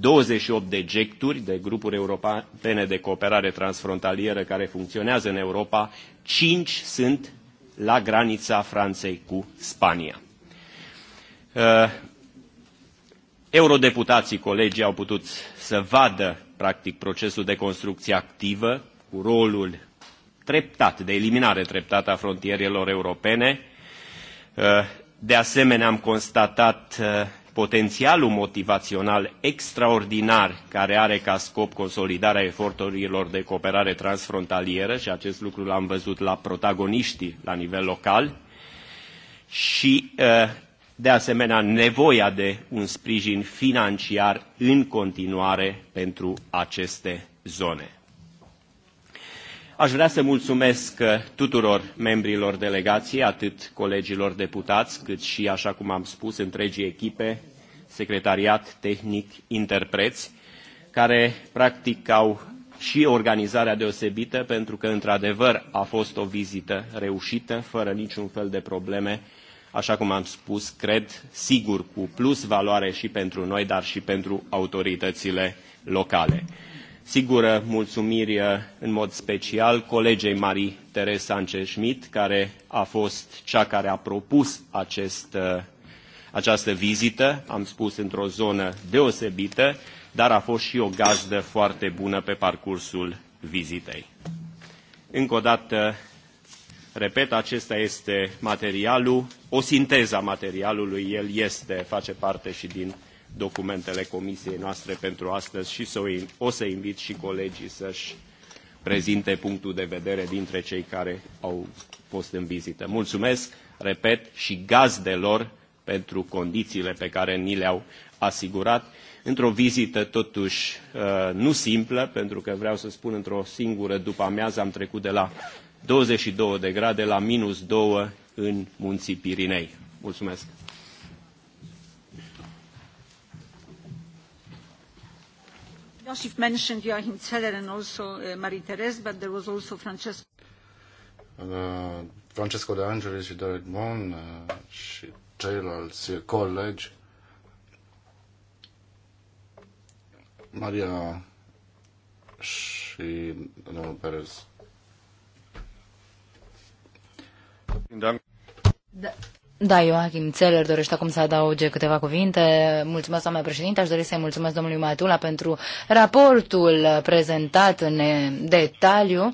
28 de gecturi de grupuri europene de cooperare transfrontalieră care funcționează în Europa, 5 sunt la granița Franței cu Spania. Uh, eurodeputații, colegii au putut să vadă, practic, procesul de construcție activă cu rolul treptat, de eliminare treptată a frontierelor europene. Uh, de asemenea, am constatat uh, potențialul motivațional extraordinar care are ca scop consolidarea eforturilor de cooperare transfrontalieră și acest lucru l-am văzut la protagoniștii la nivel local și ă, de asemenea nevoia de un sprijin financiar în continuare pentru aceste zone. Aș vrea să mulțumesc uh, tuturor membrilor delegației, atât colegilor deputați, cât și, așa cum am spus, întregii echipe, secretariat, tehnic, interpreți, care practic au și organizarea deosebită, pentru că, într-adevăr, a fost o vizită reușită, fără niciun fel de probleme, așa cum am spus, cred, sigur, cu plus valoare și pentru noi, dar și pentru autoritățile locale. Sigur, mulțumiri uh, în mod special colegei Marie Teresa Schmidt, care a fost cea care a propus acest, uh, această vizită, am spus, într-o zonă deosebită, dar a fost și o gazdă foarte bună pe parcursul vizitei. Încă o dată, repet, acesta este materialul, o sinteză a materialului, el este, face parte și din documentele comisiei noastre pentru astăzi și să o, o să invit și colegii să-și prezinte punctul de vedere dintre cei care au fost în vizită. Mulțumesc, repet, și gazdelor pentru condițiile pe care ni le-au asigurat într-o vizită totuși uh, nu simplă, pentru că vreau să spun într-o singură după amiază am trecut de la 22 de grade la minus 2 în munții Pirinei. Mulțumesc! You've mentioned Joachim Zeller and also uh, Marie-Therese, but there was also Francesco. Uh, Francesco de Angelis și Derek Mon uh, și ceilalți colegi. Maria și domnul Perez. Da. Da, Joachim Țeler dorește acum să adauge câteva cuvinte. Mulțumesc, doamna președinte. Aș dori să-i mulțumesc domnului Matula pentru raportul prezentat în detaliu.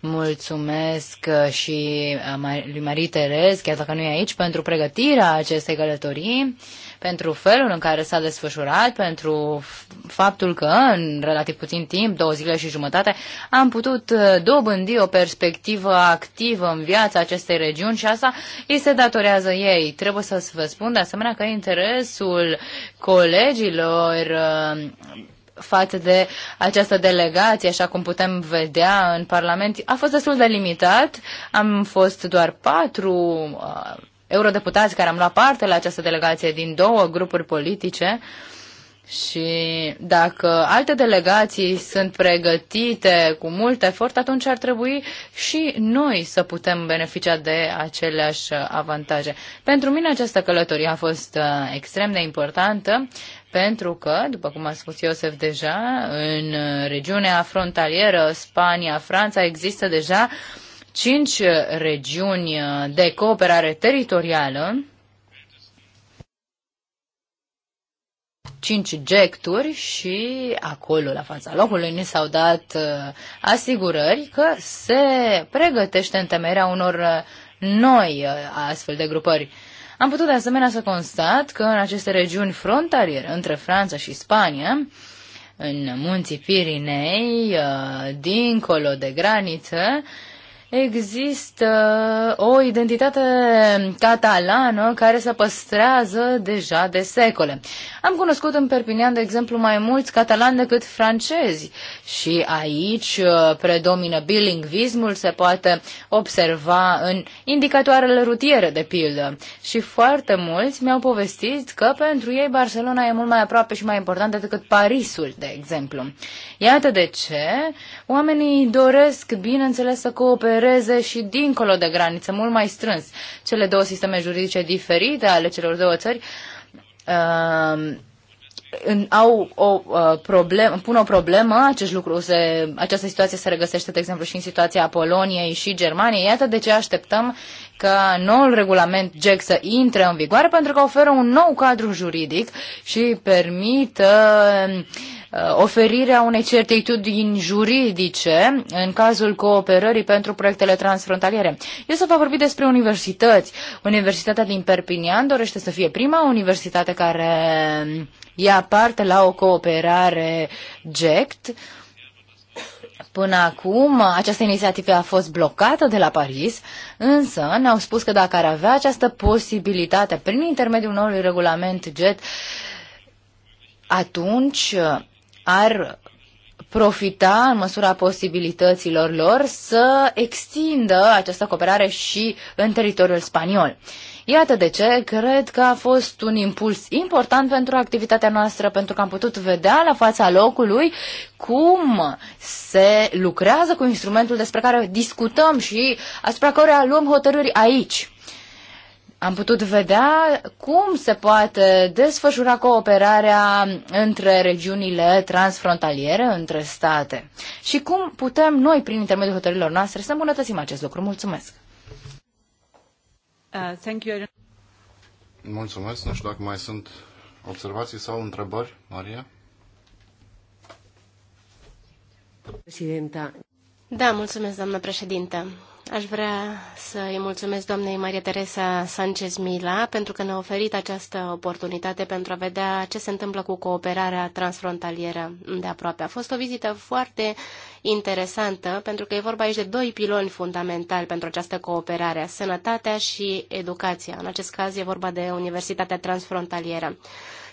Mulțumesc uh, și uh, lui Marie Terez, chiar dacă nu e aici, pentru pregătirea acestei călătorii pentru felul în care s-a desfășurat, pentru faptul că în relativ puțin timp, două zile și jumătate, am putut uh, dobândi o perspectivă activă în viața acestei regiuni și asta îi se datorează ei. Trebuie să vă spun de asemenea că interesul colegilor uh, față de această delegație, așa cum putem vedea în Parlament, a fost destul de limitat. Am fost doar patru uh, eurodeputați care am luat parte la această delegație din două grupuri politice și dacă alte delegații sunt pregătite cu mult efort, atunci ar trebui și noi să putem beneficia de aceleași avantaje. Pentru mine această călătorie a fost uh, extrem de importantă pentru că, după cum a spus Iosef deja, în regiunea frontalieră Spania-Franța există deja uh, cinci uh, regiuni uh, de cooperare teritorială, cinci gecturi și acolo, la fața locului, ni s-au dat uh, asigurări că se pregătește temerea unor noi astfel de grupări. Am putut de asemenea să constat că în aceste regiuni frontaliere între Franța și Spania, în munții Pirinei, dincolo de graniță, există uh, o identitate catalană care se păstrează deja de secole. Am cunoscut în Perpignan, de exemplu, mai mulți catalani decât francezi și aici uh, predomină bilingvismul, se poate observa în indicatoarele rutiere, de pildă. Și foarte mulți mi-au povestit că pentru ei Barcelona e mult mai aproape și mai importantă decât Parisul, de exemplu. Iată de ce oamenii doresc, bineînțeles, să coopereze opereze și dincolo de granițe, mult mai strâns. Cele două sisteme juridice diferite ale celor două țări uh, în, au o uh, problemă, pun o problemă, acest lucru se, această situație se regăsește, de exemplu, și în situația Poloniei și Germaniei. Iată de ce așteptăm ca noul regulament GEC să intre în vigoare, pentru că oferă un nou cadru juridic și permită uh, Uh, oferirea unei certitudini juridice în cazul cooperării pentru proiectele transfrontaliere. Eu să vă vorbi despre universități. Universitatea din Perpignan dorește să fie prima universitate care ia parte la o cooperare GECT. Până acum, această inițiativă a fost blocată de la Paris, însă ne-au spus că dacă ar avea această posibilitate prin intermediul noului regulament JET, atunci ar profita în măsura posibilităților lor să extindă această cooperare și în teritoriul spaniol. Iată de ce cred că a fost un impuls important pentru activitatea noastră, pentru că am putut vedea la fața locului cum se lucrează cu instrumentul despre care discutăm și asupra căruia luăm hotărâri aici am putut vedea cum se poate desfășura cooperarea între regiunile transfrontaliere, între state și cum putem noi, prin intermediul hotărârilor noastre, să îmbunătățim acest lucru. Mulțumesc! Uh, thank you. Mulțumesc. Nu știu dacă mai sunt observații sau întrebări, Maria. Presidenta. Da, mulțumesc, doamnă președintă. Aș vrea să îi mulțumesc doamnei Maria Teresa Sanchez Mila pentru că ne-a oferit această oportunitate pentru a vedea ce se întâmplă cu cooperarea transfrontalieră de aproape. A fost o vizită foarte interesantă pentru că e vorba aici de doi piloni fundamentali pentru această cooperare, sănătatea și educația. În acest caz e vorba de Universitatea Transfrontalieră.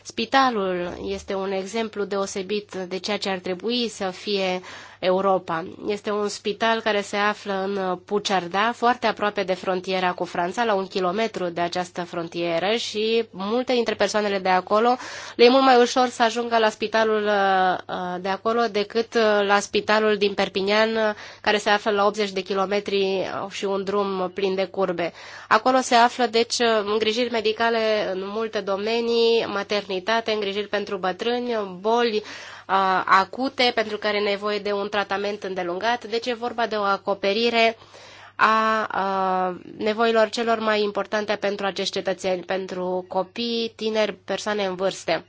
Spitalul este un exemplu deosebit de ceea ce ar trebui să fie uh, Europa. Este un spital care se află în Pucerda, foarte aproape de frontiera cu Franța, la un kilometru de această frontieră și multe dintre persoanele de acolo le e mult mai ușor să ajungă la spitalul uh, uh, de acolo decât uh, la spitalul din Perpignan, care se află la 80 de kilometri și un drum plin de curbe. Acolo se află, deci, îngrijiri medicale în multe domenii, maternitate, îngrijiri pentru bătrâni, boli, Uh, acute pentru care e nevoie de un tratament îndelungat, deci e vorba de o acoperire a uh, nevoilor celor mai importante pentru acești cetățeni, pentru copii, tineri, persoane în vârstă.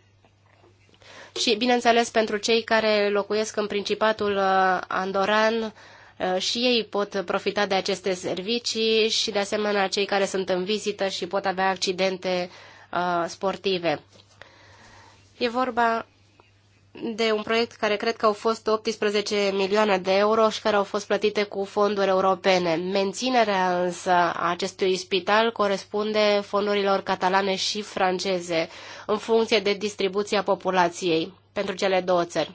Și, bineînțeles, pentru cei care locuiesc în Principatul uh, Andoran, și ei pot profita de aceste servicii și, de asemenea, cei care sunt în vizită și pot avea accidente sportive. E vorba de un proiect care cred că au fost 18 milioane de euro și care au fost plătite cu fonduri europene. Menținerea însă a acestui spital corespunde fondurilor catalane și franceze în funcție de distribuția populației pentru cele două țări.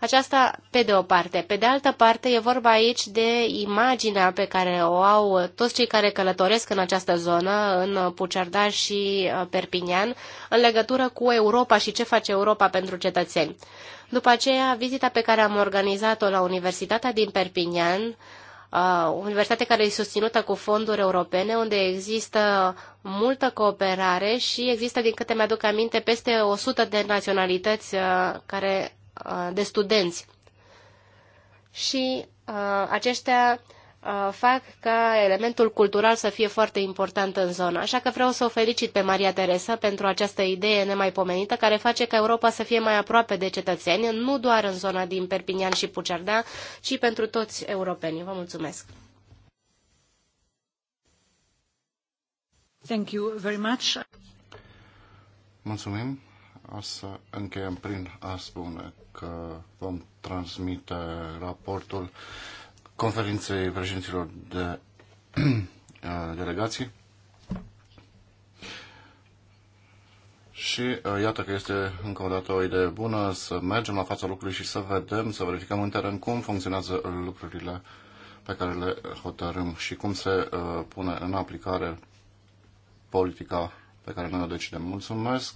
Aceasta pe de o parte. Pe de altă parte, e vorba aici de imaginea pe care o au toți cei care călătoresc în această zonă, în Pucerda și uh, Perpignan, în legătură cu Europa și ce face Europa pentru cetățeni. După aceea, vizita pe care am organizat-o la Universitatea din Perpignan, o uh, universitate care e susținută cu fonduri europene, unde există multă cooperare și există, din câte mi-aduc aminte, peste 100 de naționalități uh, care Uh, de studenți. Și uh, aceștia uh, fac ca elementul cultural să fie foarte important în zonă. Așa că vreau să o felicit pe Maria Teresa pentru această idee nemaipomenită care face ca Europa să fie mai aproape de cetățeni, nu doar în zona din Perpignan și Pucerdea, ci pentru toți europenii. Vă mulțumesc! Thank you very much. Mulțumim! o să încheiem prin a spune că vom transmite raportul conferinței președinților de delegații. Și uh, iată că este încă o dată o idee bună să mergem la fața lucrurilor și să vedem, să verificăm în teren cum funcționează lucrurile pe care le hotărâm și cum se uh, pune în aplicare politica pe care noi o decidem. Mulțumesc.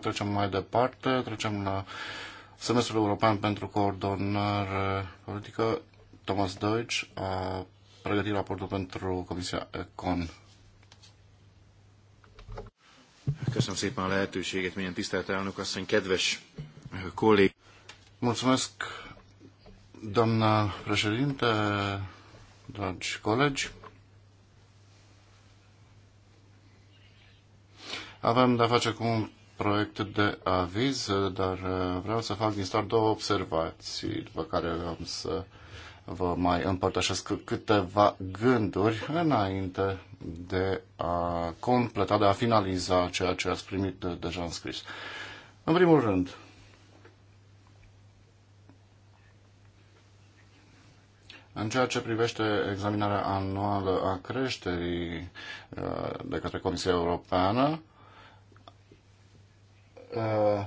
Trecem mai departe. Trecem la semestrul european pentru coordonare politică. Thomas Deutsch a pregătit raportul pentru Comisia Econ. Köszönöm szépen a lehetőséget, milyen tisztelt elnök asszony, kedves kollég. Mulțumesc, doamna președinte, dragi colegi. Avem de-a face cu un proiect de aviz, dar uh, vreau să fac din start două observații, după care am să vă mai împărtășesc câteva gânduri înainte de a completa, de a finaliza ceea ce ați primit de, deja în scris. În primul rând, În ceea ce privește examinarea anuală a creșterii uh, de către Comisia Europeană, Uh,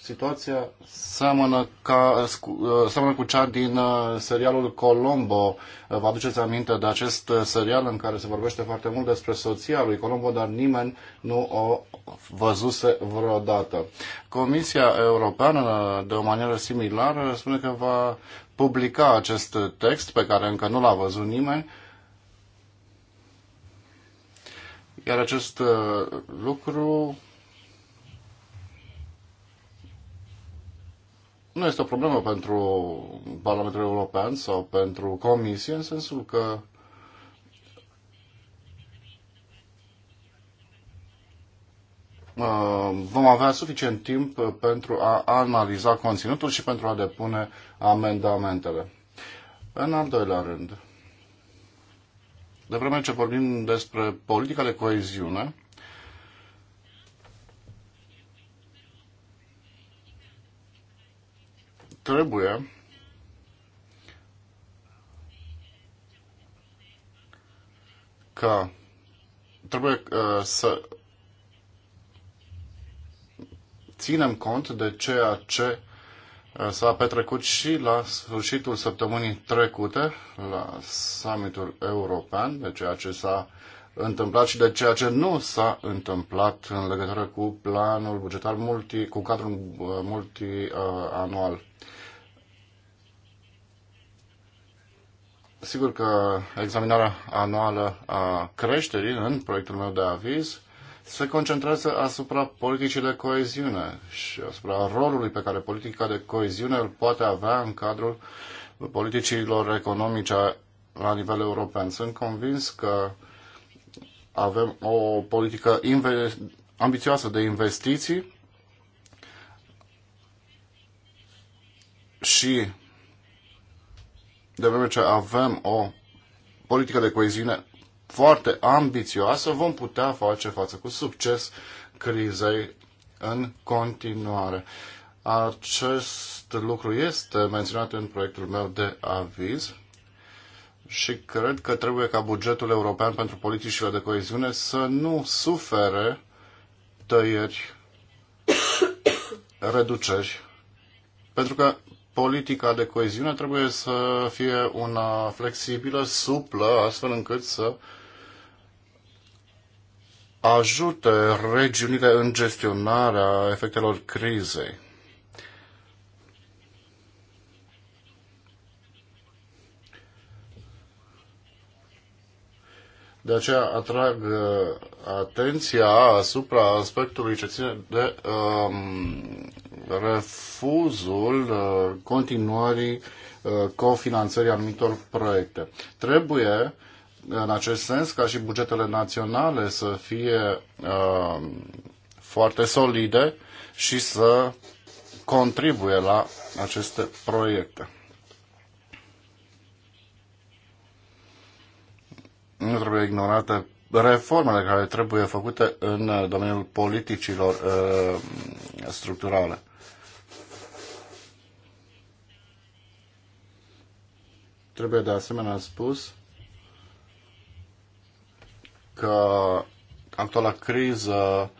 situația seamănă, ca, uh, uh, seamănă cu cea din serialul Colombo. Vă aduceți aminte de acest serial în care se vorbește foarte mult despre soția lui Colombo, dar nimeni nu o văzuse vreodată. Comisia Europeană, de o manieră similară, spune că va publica acest text pe care încă nu l-a văzut nimeni, iar acest lucru nu este o problemă pentru Parlamentul European sau pentru Comisie, în sensul că uh, vom avea suficient timp pentru a analiza conținutul și pentru a depune amendamentele. În al doilea rând, de vreme ce vorbim despre politica de coeziune, trebuie ca trebuie uh, să ținem cont de ceea ce uh, s-a petrecut și la sfârșitul săptămânii trecute la summitul european, de ceea ce s-a uh, întâmplat și de ceea ce nu s-a întâmplat în legătură cu planul bugetar multi, cu cadrul uh, multianual. Sigur că examinarea anuală a creșterii în proiectul meu de aviz se concentrează asupra politicii de coeziune și asupra rolului pe care politica de coeziune îl poate avea în cadrul politicilor economice la nivel european. Sunt convins că uh, avem o politică ambițioasă de investiții și de vreme ce avem o politică de coeziune foarte ambițioasă, vom putea face față cu succes crizei în continuare. Acest lucru este menționat în proiectul meu de aviz și cred că trebuie ca bugetul european pentru politicile de coeziune să nu sufere tăieri, reduceri, pentru că politica de coeziune trebuie să fie una flexibilă, suplă, astfel încât să ajute regiunile în gestionarea efectelor crizei. De aceea atrag uh, atenția asupra aspectului ce ține de um, refuzul uh, continuării uh, cofinanțării anumitor proiecte. Trebuie, în acest sens, ca și bugetele naționale să fie uh, foarte solide și să contribuie la aceste proiecte. nu trebuie ignorate reformele care trebuie făcute în domeniul politicilor uh, structurale. Trebuie de asemenea spus că actuala criză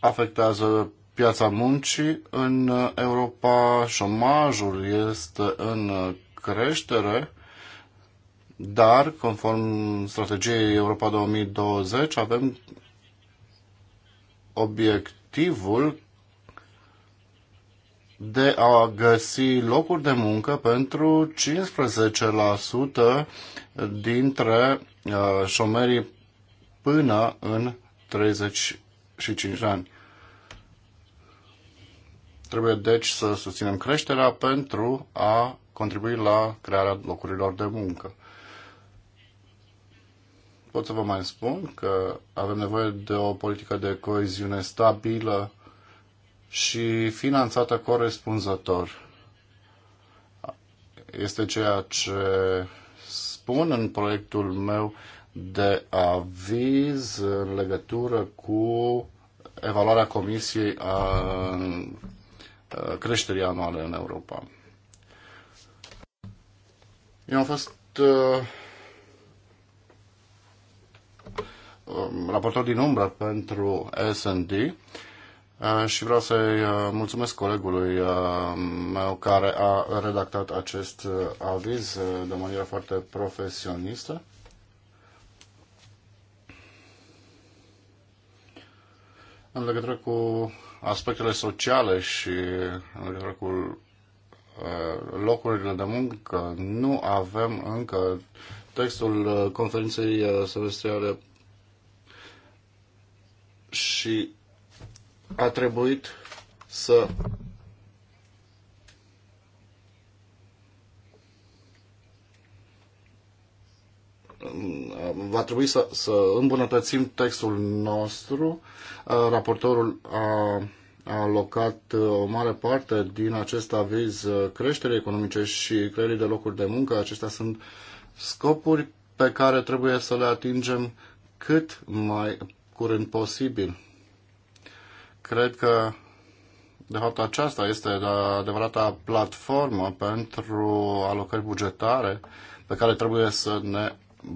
afectează piața muncii în Europa, șomajul este în creștere dar, conform strategiei Europa 2020, avem obiectivul de a găsi locuri de muncă pentru 15% dintre uh, șomerii până în 35 ani. Trebuie deci să susținem creșterea pentru a contribui la crearea locurilor de muncă pot să vă mai spun că avem nevoie de o politică de coeziune stabilă și finanțată corespunzător. Este ceea ce spun în proiectul meu de aviz în legătură cu evaluarea Comisiei a creșterii anuale în Europa. Eu am fost uh, Um, raportor din umbră pentru S&D uh, și vreau să-i uh, mulțumesc colegului uh, meu care a redactat acest aviz de manieră foarte profesionistă. În legătură cu aspectele sociale și în legătură cu locurile de muncă, nu avem încă textul conferinței semestriale și a trebuit să va trebui să, să îmbunătățim textul nostru. Raportorul a alocat o mare parte din acest aviz creșterii economice și creării de locuri de muncă. Acestea sunt scopuri pe care trebuie să le atingem cât mai curând posibil. Cred că, de fapt, aceasta este adevărata platformă pentru alocări bugetare pe care trebuie să ne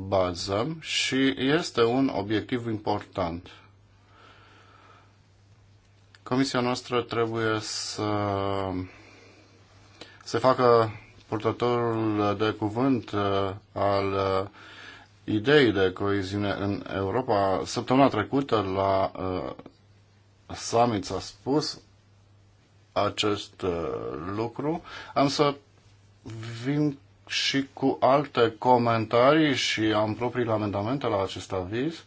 bazăm și este un obiectiv important. Comisia noastră trebuie să se facă purtătorul de cuvânt uh, al uh, idei de coeziune în Europa. Săptămâna trecută la uh, summit s-a spus acest uh, lucru. Am să vin și cu alte comentarii și am propriile amendamente la acest aviz,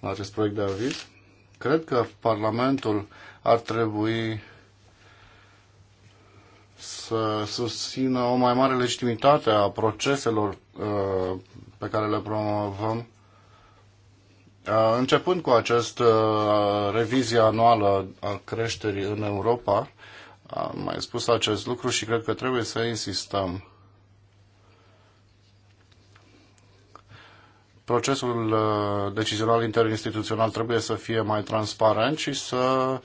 la acest proiect de aviz. Cred că Parlamentul ar trebui să susțină o mai mare legitimitate a proceselor uh, pe care le promovăm. Începând cu această revizie anuală a creșterii în Europa, am mai spus acest lucru și cred că trebuie să insistăm. Procesul decizional interinstituțional trebuie să fie mai transparent și să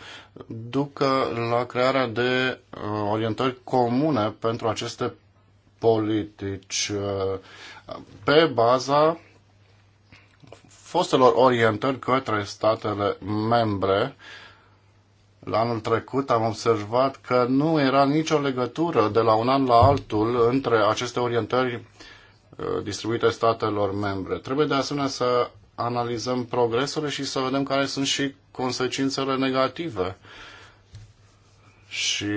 ducă la crearea de orientări comune pentru aceste politici pe baza fostelor orientări către statele membre. La anul trecut am observat că nu era nicio legătură de la un an la altul între aceste orientări uh, distribuite statelor membre. Trebuie de asemenea să analizăm progresele și să vedem care sunt și consecințele negative și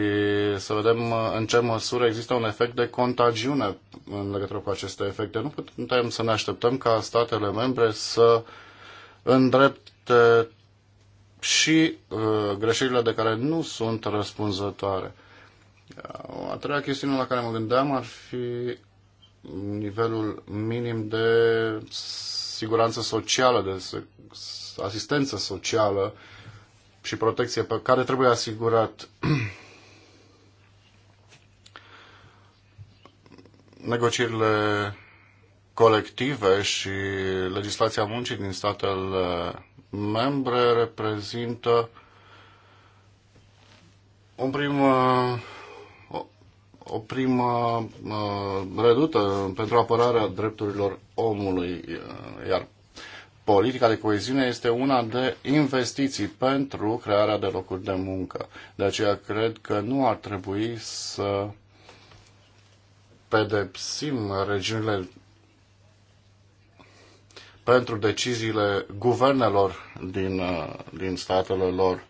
să vedem uh, în ce măsură există un efect de contagiune în legătură cu aceste efecte. Nu putem să ne așteptăm ca statele membre să îndrepte și uh, greșelile de care nu sunt răspunzătoare. Uh, a treia chestiune la care mă gândeam ar fi nivelul minim de siguranță socială, de asistență socială și protecție pe care trebuie asigurat negocierile colective și legislația muncii din statele membre reprezintă o prim, o, o primă uh, redută pentru apărarea drepturilor omului, iar politica de coeziune este una de investiții pentru crearea de locuri de muncă. De aceea cred că nu ar trebui să pedepsim regiunile pentru deciziile guvernelor din, uh, din statele lor.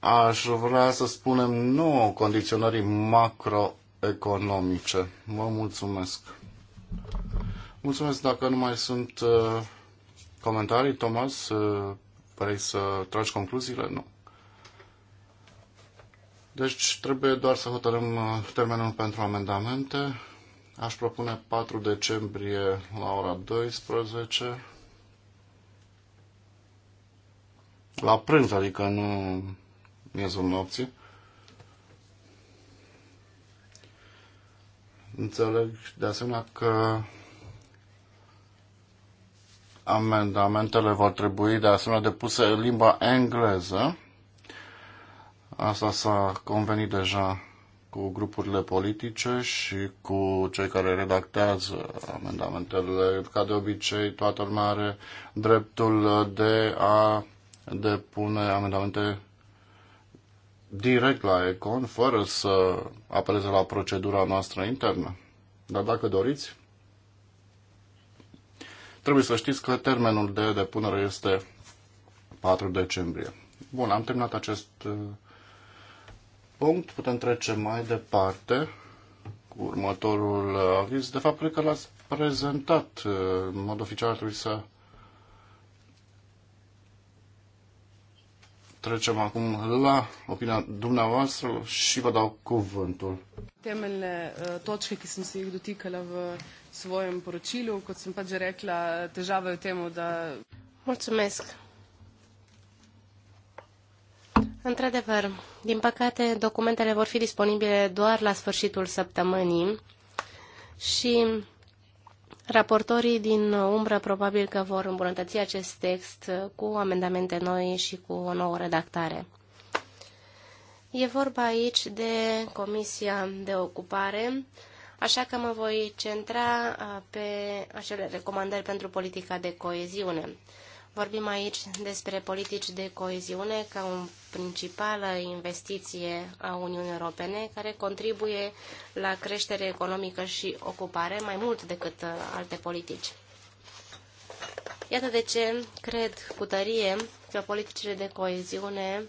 Aș vrea să spunem nu condiționării macroeconomice. Vă mulțumesc. Mulțumesc dacă nu mai sunt uh, comentarii. Thomas, uh, vrei să tragi concluziile? Nu. Deci trebuie doar să hotărâm uh, termenul pentru amendamente. Aș propune 4 decembrie la ora 12. La prânz, adică nu miezul nopții. Înțeleg de asemenea că Amendamentele vor trebui de asemenea depuse în limba engleză. Asta s-a convenit deja cu grupurile politice și cu cei care redactează amendamentele. Ca de obicei, toată lumea are dreptul de a depune amendamente direct la Econ, fără să apeleze la procedura noastră internă. Dar dacă doriți, Trebuie să știți că termenul de depunere este 4 decembrie. Bun, am terminat acest uh, punct. Putem trece mai departe cu următorul uh, aviz. De fapt, cred că l-ați prezentat. Uh, în mod oficial Trebuie să trecem acum la opinia dumneavoastră și vă dau cuvântul. Temele, tot ce sunt se jih dotikala svojem poročilu. Kot sem pa že rekla, težava je v tem, da. Mulțumesc! Într-adevăr, din păcate, documentele vor fi disponibile doar la sfârșitul săptămânii și raportorii din umbră probabil că vor îmbunătăți acest text cu amendamente noi și cu o nouă redactare. E vorba aici de Comisia de Ocupare, așa că mă voi centra pe acele recomandări pentru politica de coeziune. Vorbim aici despre politici de coeziune ca o principală investiție a Uniunii Europene care contribuie la creștere economică și ocupare mai mult decât alte politici. Iată de ce cred cu tărie că politicile de coeziune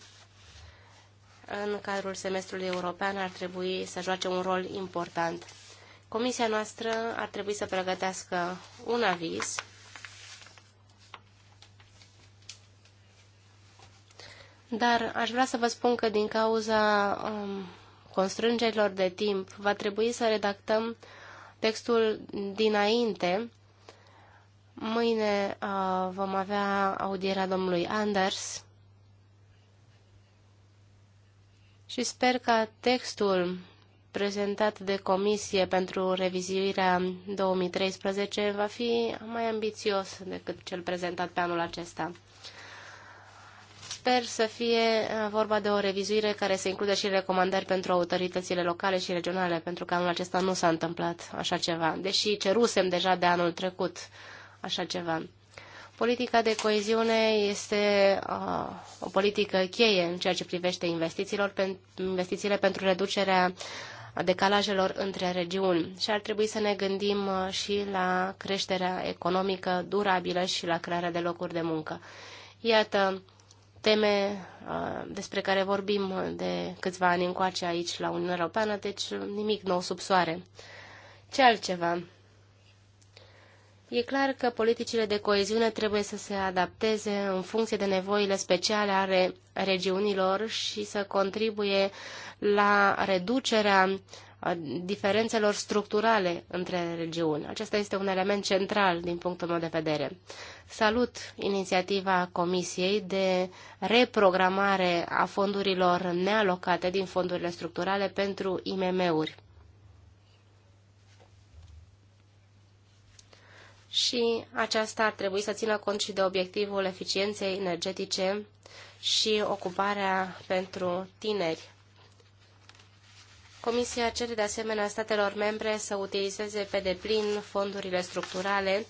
în cadrul semestrului european ar trebui să joace un rol important. Comisia noastră ar trebui să pregătească un aviz Dar aș vrea să vă spun că din cauza um, constrângerilor de timp va trebui să redactăm textul dinainte. Mâine uh, vom avea audierea domnului Anders și sper ca textul prezentat de Comisie pentru revizuirea 2013 va fi mai ambițios decât cel prezentat pe anul acesta. Sper să fie vorba de o revizuire care să includă și recomandări pentru autoritățile locale și regionale, pentru că anul acesta nu s-a întâmplat așa ceva, deși cerusem deja de anul trecut așa ceva. Politica de coeziune este uh, o politică cheie în ceea ce privește investițiilor, investițiile pentru reducerea uh, decalajelor între regiuni și ar trebui să ne gândim uh, și la creșterea economică durabilă și la crearea de locuri de muncă. Iată teme uh, despre care vorbim uh, de câțiva ani încoace aici la Uniunea Europeană, deci nimic nou sub soare. Ce altceva? E clar că politicile de coeziune trebuie să se adapteze în funcție de nevoile speciale ale regiunilor și să contribuie la reducerea diferențelor structurale între regiuni. Acesta este un element central din punctul meu de vedere. Salut inițiativa Comisiei de reprogramare a fondurilor nealocate din fondurile structurale pentru IMM-uri. și aceasta ar trebui să țină cont și de obiectivul eficienței energetice și ocuparea pentru tineri. Comisia cere de asemenea statelor membre să utilizeze pe deplin fondurile structurale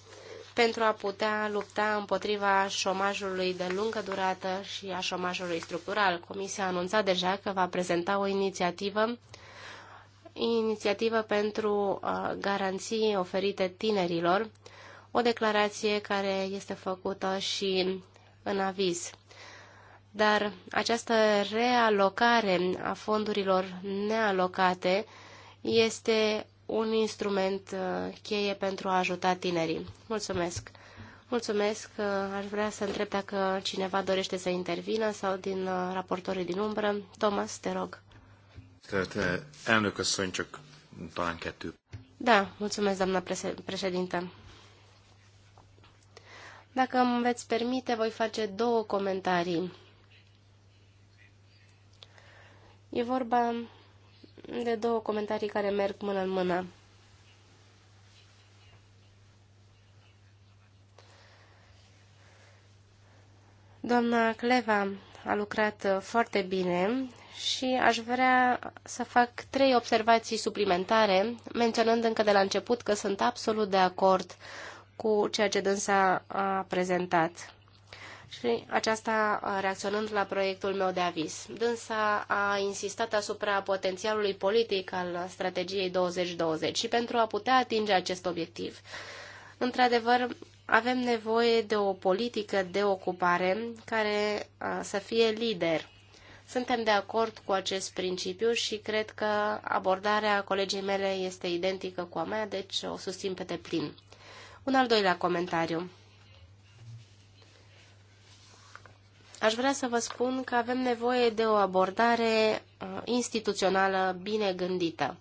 pentru a putea lupta împotriva șomajului de lungă durată și a șomajului structural. Comisia a anunțat deja că va prezenta o inițiativă inițiativă pentru uh, garanții oferite tinerilor o declarație care este făcută și în aviz. Dar această realocare a fondurilor nealocate este un instrument uh, cheie pentru a ajuta tinerii. Mulțumesc! Mulțumesc! Uh, aș vrea să întreb dacă cineva dorește să intervină sau din uh, raportorii din umbră. Thomas, te rog. Da, mulțumesc, doamna președintă. Dacă îmi veți permite, voi face două comentarii. E vorba de două comentarii care merg mână în mână. Doamna Cleva a lucrat foarte bine și aș vrea să fac trei observații suplimentare, menționând încă de la început că sunt absolut de acord cu ceea ce dânsa a prezentat și aceasta reacționând la proiectul meu de avis. Dânsa a insistat asupra potențialului politic al strategiei 2020 și pentru a putea atinge acest obiectiv. Într-adevăr, avem nevoie de o politică de ocupare care să fie lider. Suntem de acord cu acest principiu și cred că abordarea colegii mele este identică cu a mea, deci o susțin pe deplin. Un al doilea comentariu. Aș vrea să vă spun că avem nevoie de o abordare uh, instituțională bine gândită.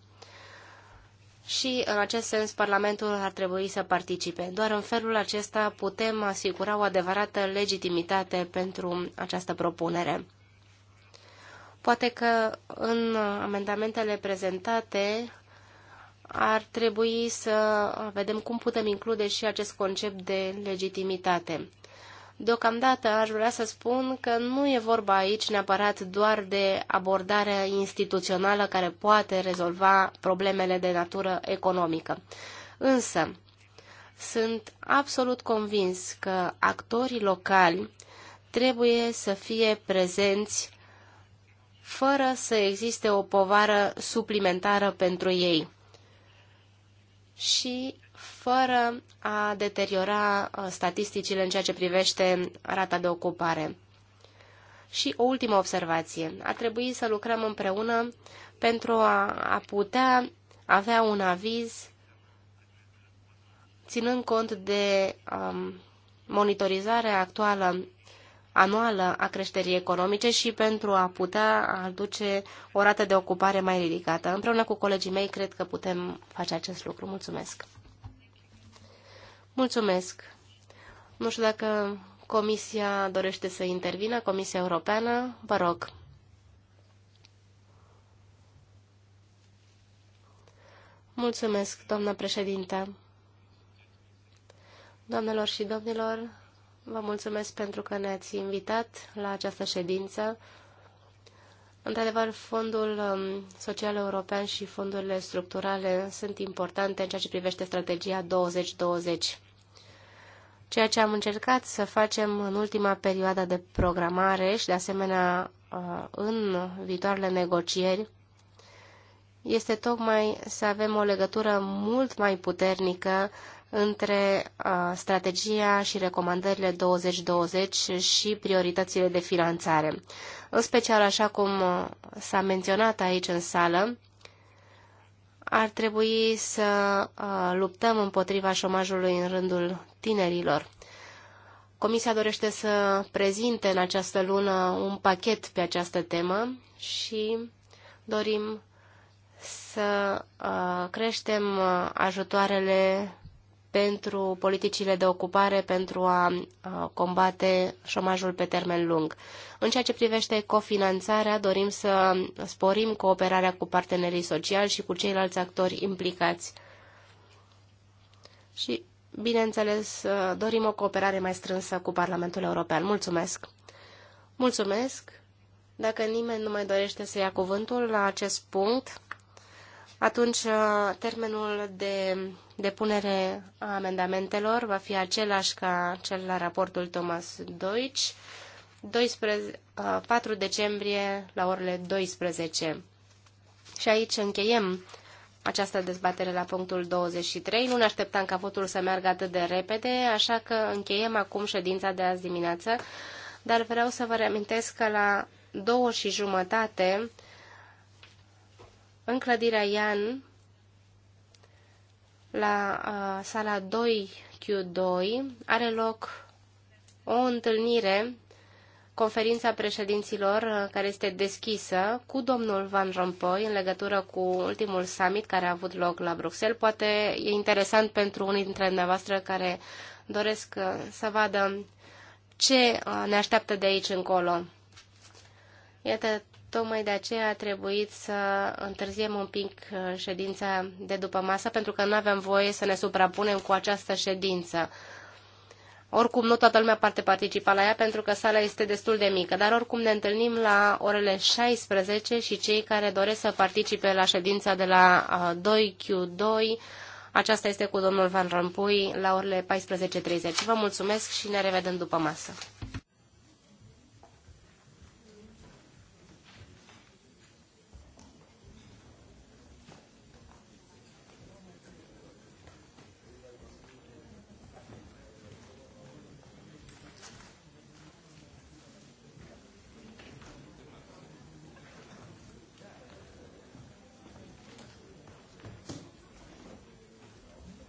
Și, în acest sens, Parlamentul ar trebui să participe. Doar în felul acesta putem asigura o adevărată legitimitate pentru această propunere. Poate că în amendamentele prezentate ar trebui să vedem cum putem include și acest concept de legitimitate. Deocamdată aș vrea să spun că nu e vorba aici neapărat doar de abordarea instituțională care poate rezolva problemele de natură economică. Însă, sunt absolut convins că actorii locali trebuie să fie prezenți fără să existe o povară suplimentară pentru ei și fără a deteriora uh, statisticile în ceea ce privește rata de ocupare. Și o ultimă observație. Ar trebui să lucrăm împreună pentru a, a putea avea un aviz ținând cont de um, monitorizarea actuală anuală a creșterii economice și pentru a putea aduce o rată de ocupare mai ridicată. Împreună cu colegii mei, cred că putem face acest lucru. Mulțumesc! Mulțumesc! Nu știu dacă Comisia dorește să intervină, Comisia Europeană, vă rog. Mulțumesc, doamnă președinte. Doamnelor și domnilor, Vă mulțumesc pentru că ne-ați invitat la această ședință. Într-adevăr, Fondul um, Social European și fondurile structurale sunt importante în ceea ce privește strategia 2020. Ceea ce am încercat să facem în ultima perioadă de programare și, de asemenea, uh, în viitoarele negocieri, este tocmai să avem o legătură mult mai puternică între uh, strategia și recomandările 2020 și prioritățile de finanțare. În special, așa cum s-a menționat aici în sală, ar trebui să uh, luptăm împotriva șomajului în rândul tinerilor. Comisia dorește să prezinte în această lună un pachet pe această temă și dorim să creștem ajutoarele pentru politicile de ocupare pentru a combate șomajul pe termen lung. În ceea ce privește cofinanțarea, dorim să sporim cooperarea cu partenerii sociali și cu ceilalți actori implicați. Și, bineînțeles, dorim o cooperare mai strânsă cu Parlamentul European. Mulțumesc! Mulțumesc! Dacă nimeni nu mai dorește să ia cuvântul la acest punct, atunci termenul de depunere a amendamentelor va fi același ca cel la raportul Thomas Deutsch, 12, 4 decembrie la orele 12. Și aici încheiem această dezbatere la punctul 23. Nu ne așteptam ca votul să meargă atât de repede, așa că încheiem acum ședința de azi dimineață, dar vreau să vă reamintesc că la două și jumătate în clădirea Ian la uh, sala 2Q2 are loc o întâlnire, conferința președinților, uh, care este deschisă cu domnul Van Rompuy în legătură cu ultimul summit care a avut loc la Bruxelles. Poate e interesant pentru unii dintre dumneavoastră care doresc uh, să vadă ce uh, ne așteaptă de aici încolo. Iată Tocmai de aceea a trebuit să întârziem un pic uh, ședința de după masă, pentru că nu aveam voie să ne suprapunem cu această ședință. Oricum, nu toată lumea poate participa la ea, pentru că sala este destul de mică, dar oricum ne întâlnim la orele 16 și cei care doresc să participe la ședința de la 2Q2, uh, aceasta este cu domnul Van Rompuy la orele 14.30. Vă mulțumesc și ne revedem după masă.